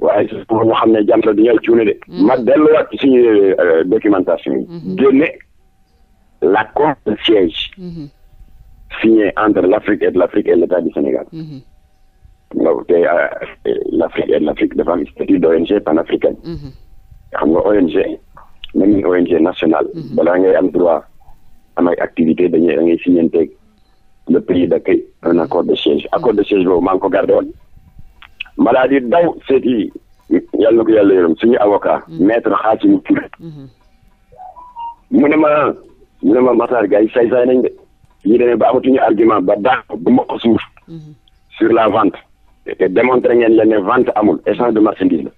waaye su ko ñu xam ne jàmm la du ñooy cuune de. ma delluwaat ci suñu euh, documentation yi. génne la compte siège. signé entre l'Afrique et l'Afrique et l'État du Sénégal. donc mhm. tey euh, l'Afrique dafa am statut d'ONG panafricaine. Mhm. xam nga ONG même une ONG nationale. Mhm. balaa ngay am droit am ay activités dañuy da ngay signanteeg le pays d'accueil un accord de siège accord de siège boobu maa ngi ko gardé woon. maladi daw seeti yàlla na ko yàlla yërëm suñu avocat maître Khassim mu ne ma mu ne ma Matar gars yi say nañ de. ñu demee ba amatuñu argument ba daan bu ma ko suuf mhm. sur la vente te démontré ngeen la ne vente amul échange de marchandise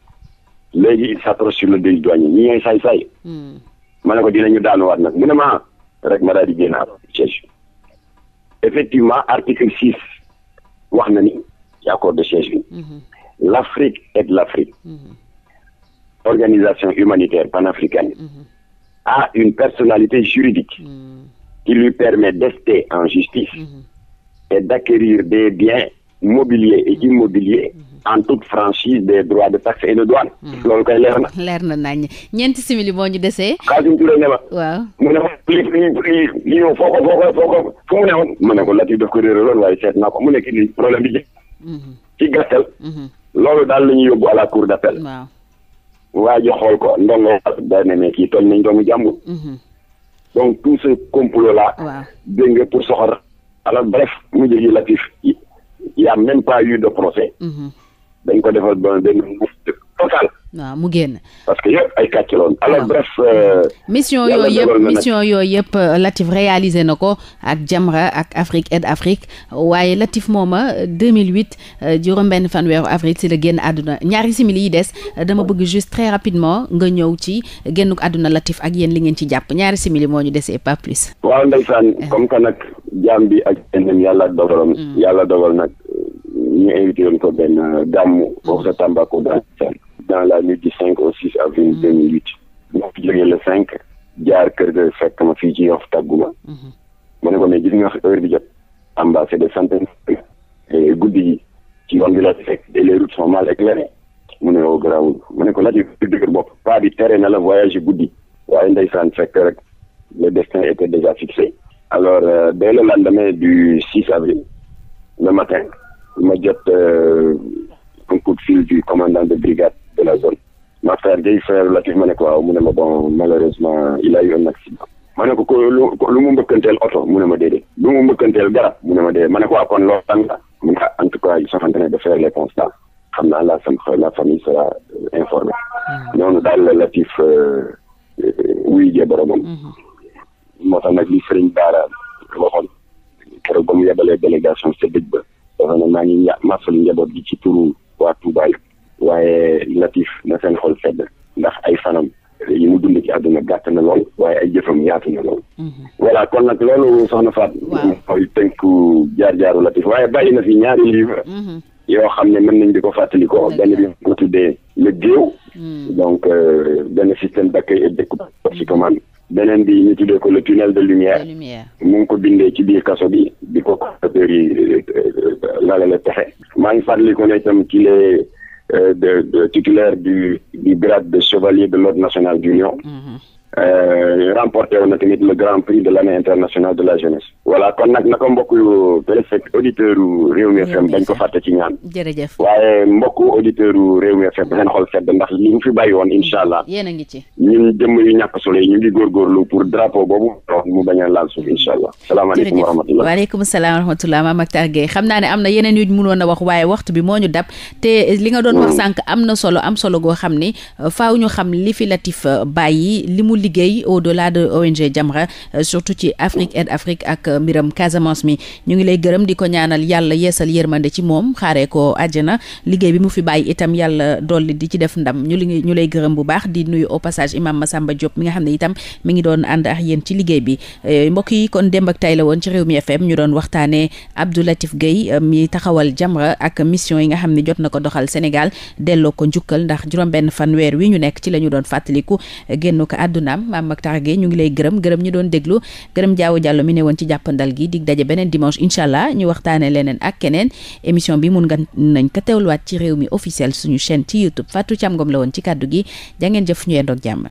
la léegi il s'approche sur le délit douanier ñi ñooy saay-saay mhm. ma ne ko dinañu daanuwaat nag mu ne ma rek ma daal di génnaat siège bi effectivement article six wax na ni ci accord de siège bi mhm. l'Afrique aide l'Afrique organisation humanitaire panafricaine a une personnalité juridique qui lui permet d'ester en justice mm-hmm. et d'acquérir des biens mobiliers et immobiliers mm-hmm. en toute franchise des droits de taxe et de douane. Mm-hmm. loolu koy leer na. leer na nañ ñeenti simili moo ñu desee. Xaadim Touré ne ma. waaw mu ne ma li li li yow mu ne woon. ma ne ko Latif daf ko réeraloon waaye ko mu nekk nii problème bi jë. ci gàttal. loolu daal la ñuy yóbbu à la cour d' appel. waaw waa ji xool ko ndongo. day ne ne kii tooñ nañ doomu jàmbur. donc tout ce complot là. waaw dégg nga pour soxor. alors bref mu jógee Latif. y' a même pas eu de procès. Mhm. dañ ko defal benn benn total. waaw mu génn. parce que yëpp ay kàcc loon alors bref. Euh, mission yooyu yëpp yooyu euh, yëpp Latif réalisé na ko ak Jamra ak Afrique Aide Afrique waaye Latif mooma 2008 euh, juróom-benn fanweeru avril si la génn àdduna ñaari simili yi des dama bëgg juste très rapidement nga ñëw ci ko àdduna Latif ak yéen li ngeen ci jàpp ñaari simili moo ñu desee pas plus. waaw ndeysaan eh. comme que nag jaam bi ak yeneen yàlla dogaloon. Mm. yàlla dogal nag ñu invité woon ko benn gàmmu mm. foofu sa Tambacounda. dans la nuit du 5 au 6 avril 2008. Mm-hmm. ma fi le 5 jaar kër ga fekk ma fii ci Yoff tàggu ma. Mm-hmm. ma ne ko mais gis nga heure bi jot. am ba c'est des centaines de eh, guddi gi ci yoon bi laa ci fekk et les routes sont mal éclairées. mu ne woo oh, garaawul mu ne ko laaj bi dëgër bopp pas bi tere na la voyage guddi. waaye ndeysaan fekk le destin était déjà fixé. alors euh, dès le lendemain du 6 avril le matin ma jot euh, fil du commandant de brigade de la zone ma frère Guèye frère Latif ma ne ko waaw mu ne ma bon malheureusement il a eu un accident ma ne ko ko lu mu mbëkkanteel oto mu ne ma de lu mu mbëkkanteel garab mu ne ma déedéet ma ne ko waa kon loolu lan la mu ne ah, en tout cas ils sont en train de faire les constats xam naa la la famille sera euh, informée hmm. noonu daal Latif euh, euh, wuy jee boromam hmm. moo tax nag li sëriñ Daara waxoon keroog ba mu yebalee délégation sa dëj ba dafa ne maa ngi masalu njaboot gi ci turu waa Touba waaye Latif na seen xol sedd ndax ay fanam yi mu dund ci àdduna gàtt na lool waaye ay jëfam yaatu na lool. Mhm. voilà kon nag loolu soxna Faat. waaw mooy tënku jaar jaaru Latif waaye bàyyi na fi ñaari livre. Mhm. yoo xam ne mën nañ di ko fàttalikoo benn bi ko tuddee le géew. Mhm. donc euh, benn système d'accueil et de commande. beneen bi ñu tuddee ko le tunnel de lumière mu ngi ko bindee ci biir kaso bi di ko coopérateur yi euh, euh, lalale pexe maa ngi fàttaliku ne itam ci les. Euh, de, de, titulaire du, du grade de chevalier de l'ordre national du Lion. Mm -hmm. Euh, remporté woon na tamit le grand prix de l' internationale de la jeunesse. voilà kon nag naka mbokku téléspect auditeur u Rewmi FM dañ ko fàtte ci ñaan. jërëjëf waaye mbokku auditeur u Rewmi FM da ngeen xool sedd ndax li mu fi bàyyi mm. a ngi ci bañ a laal suuf incha allah. salaamaaleykum wa rahmatulah yeneen yu mënoon a wax waaye waxtu bi moo ñu dab te li nga doon wax mm. sànq am na solo am solo goo xam ne faaw ñu xam li fi Latif euh, bàyyi li mu liggéey au delà de ONG Jamra euh, surtout ci Afrique Aide Afrique ak euh, mbiram Casamance mi ñu ngi lay gërëm di ko ñaanal yàlla yeesal yërmande ci moom xaaree ko àjjana liggéey bi mu fi bàyyi itam yàlla dolli di ci def ndam ñu li ñu lay gërëm bu baax di nuyu au passage imam Massamba Diop mi nga xam ne itam mi ngi doon ànd ak yéen ci liggéey bi euh, mbokk yi kon démb ak tay la woon ci réew mi FM ñu doon waxtaanee Abdou Latif Gueye mi taxawal Jamra ak mission yi nga xam ne jot na ko doxal Sénégal delloo ko njukkal ndax juróom benn fanweer wi ñu nekk ci la doon fàttaliku maanaam Mame Mactar ñu ngi lay gërëm gërëm ñu doon déglu gërëm jaaw jàllo mi ne woon ci jàppandal gi dig daje beneen dimanche incha allah ñu waxtaane leneen ak keneen émission bi mun nga nañ ko teewluwaat ci réew mi officiel suñu chaîne ci youtube Fatou Thiam Ngom la woon ci kàddu gi jangeen jëf ñu yendoog jàmm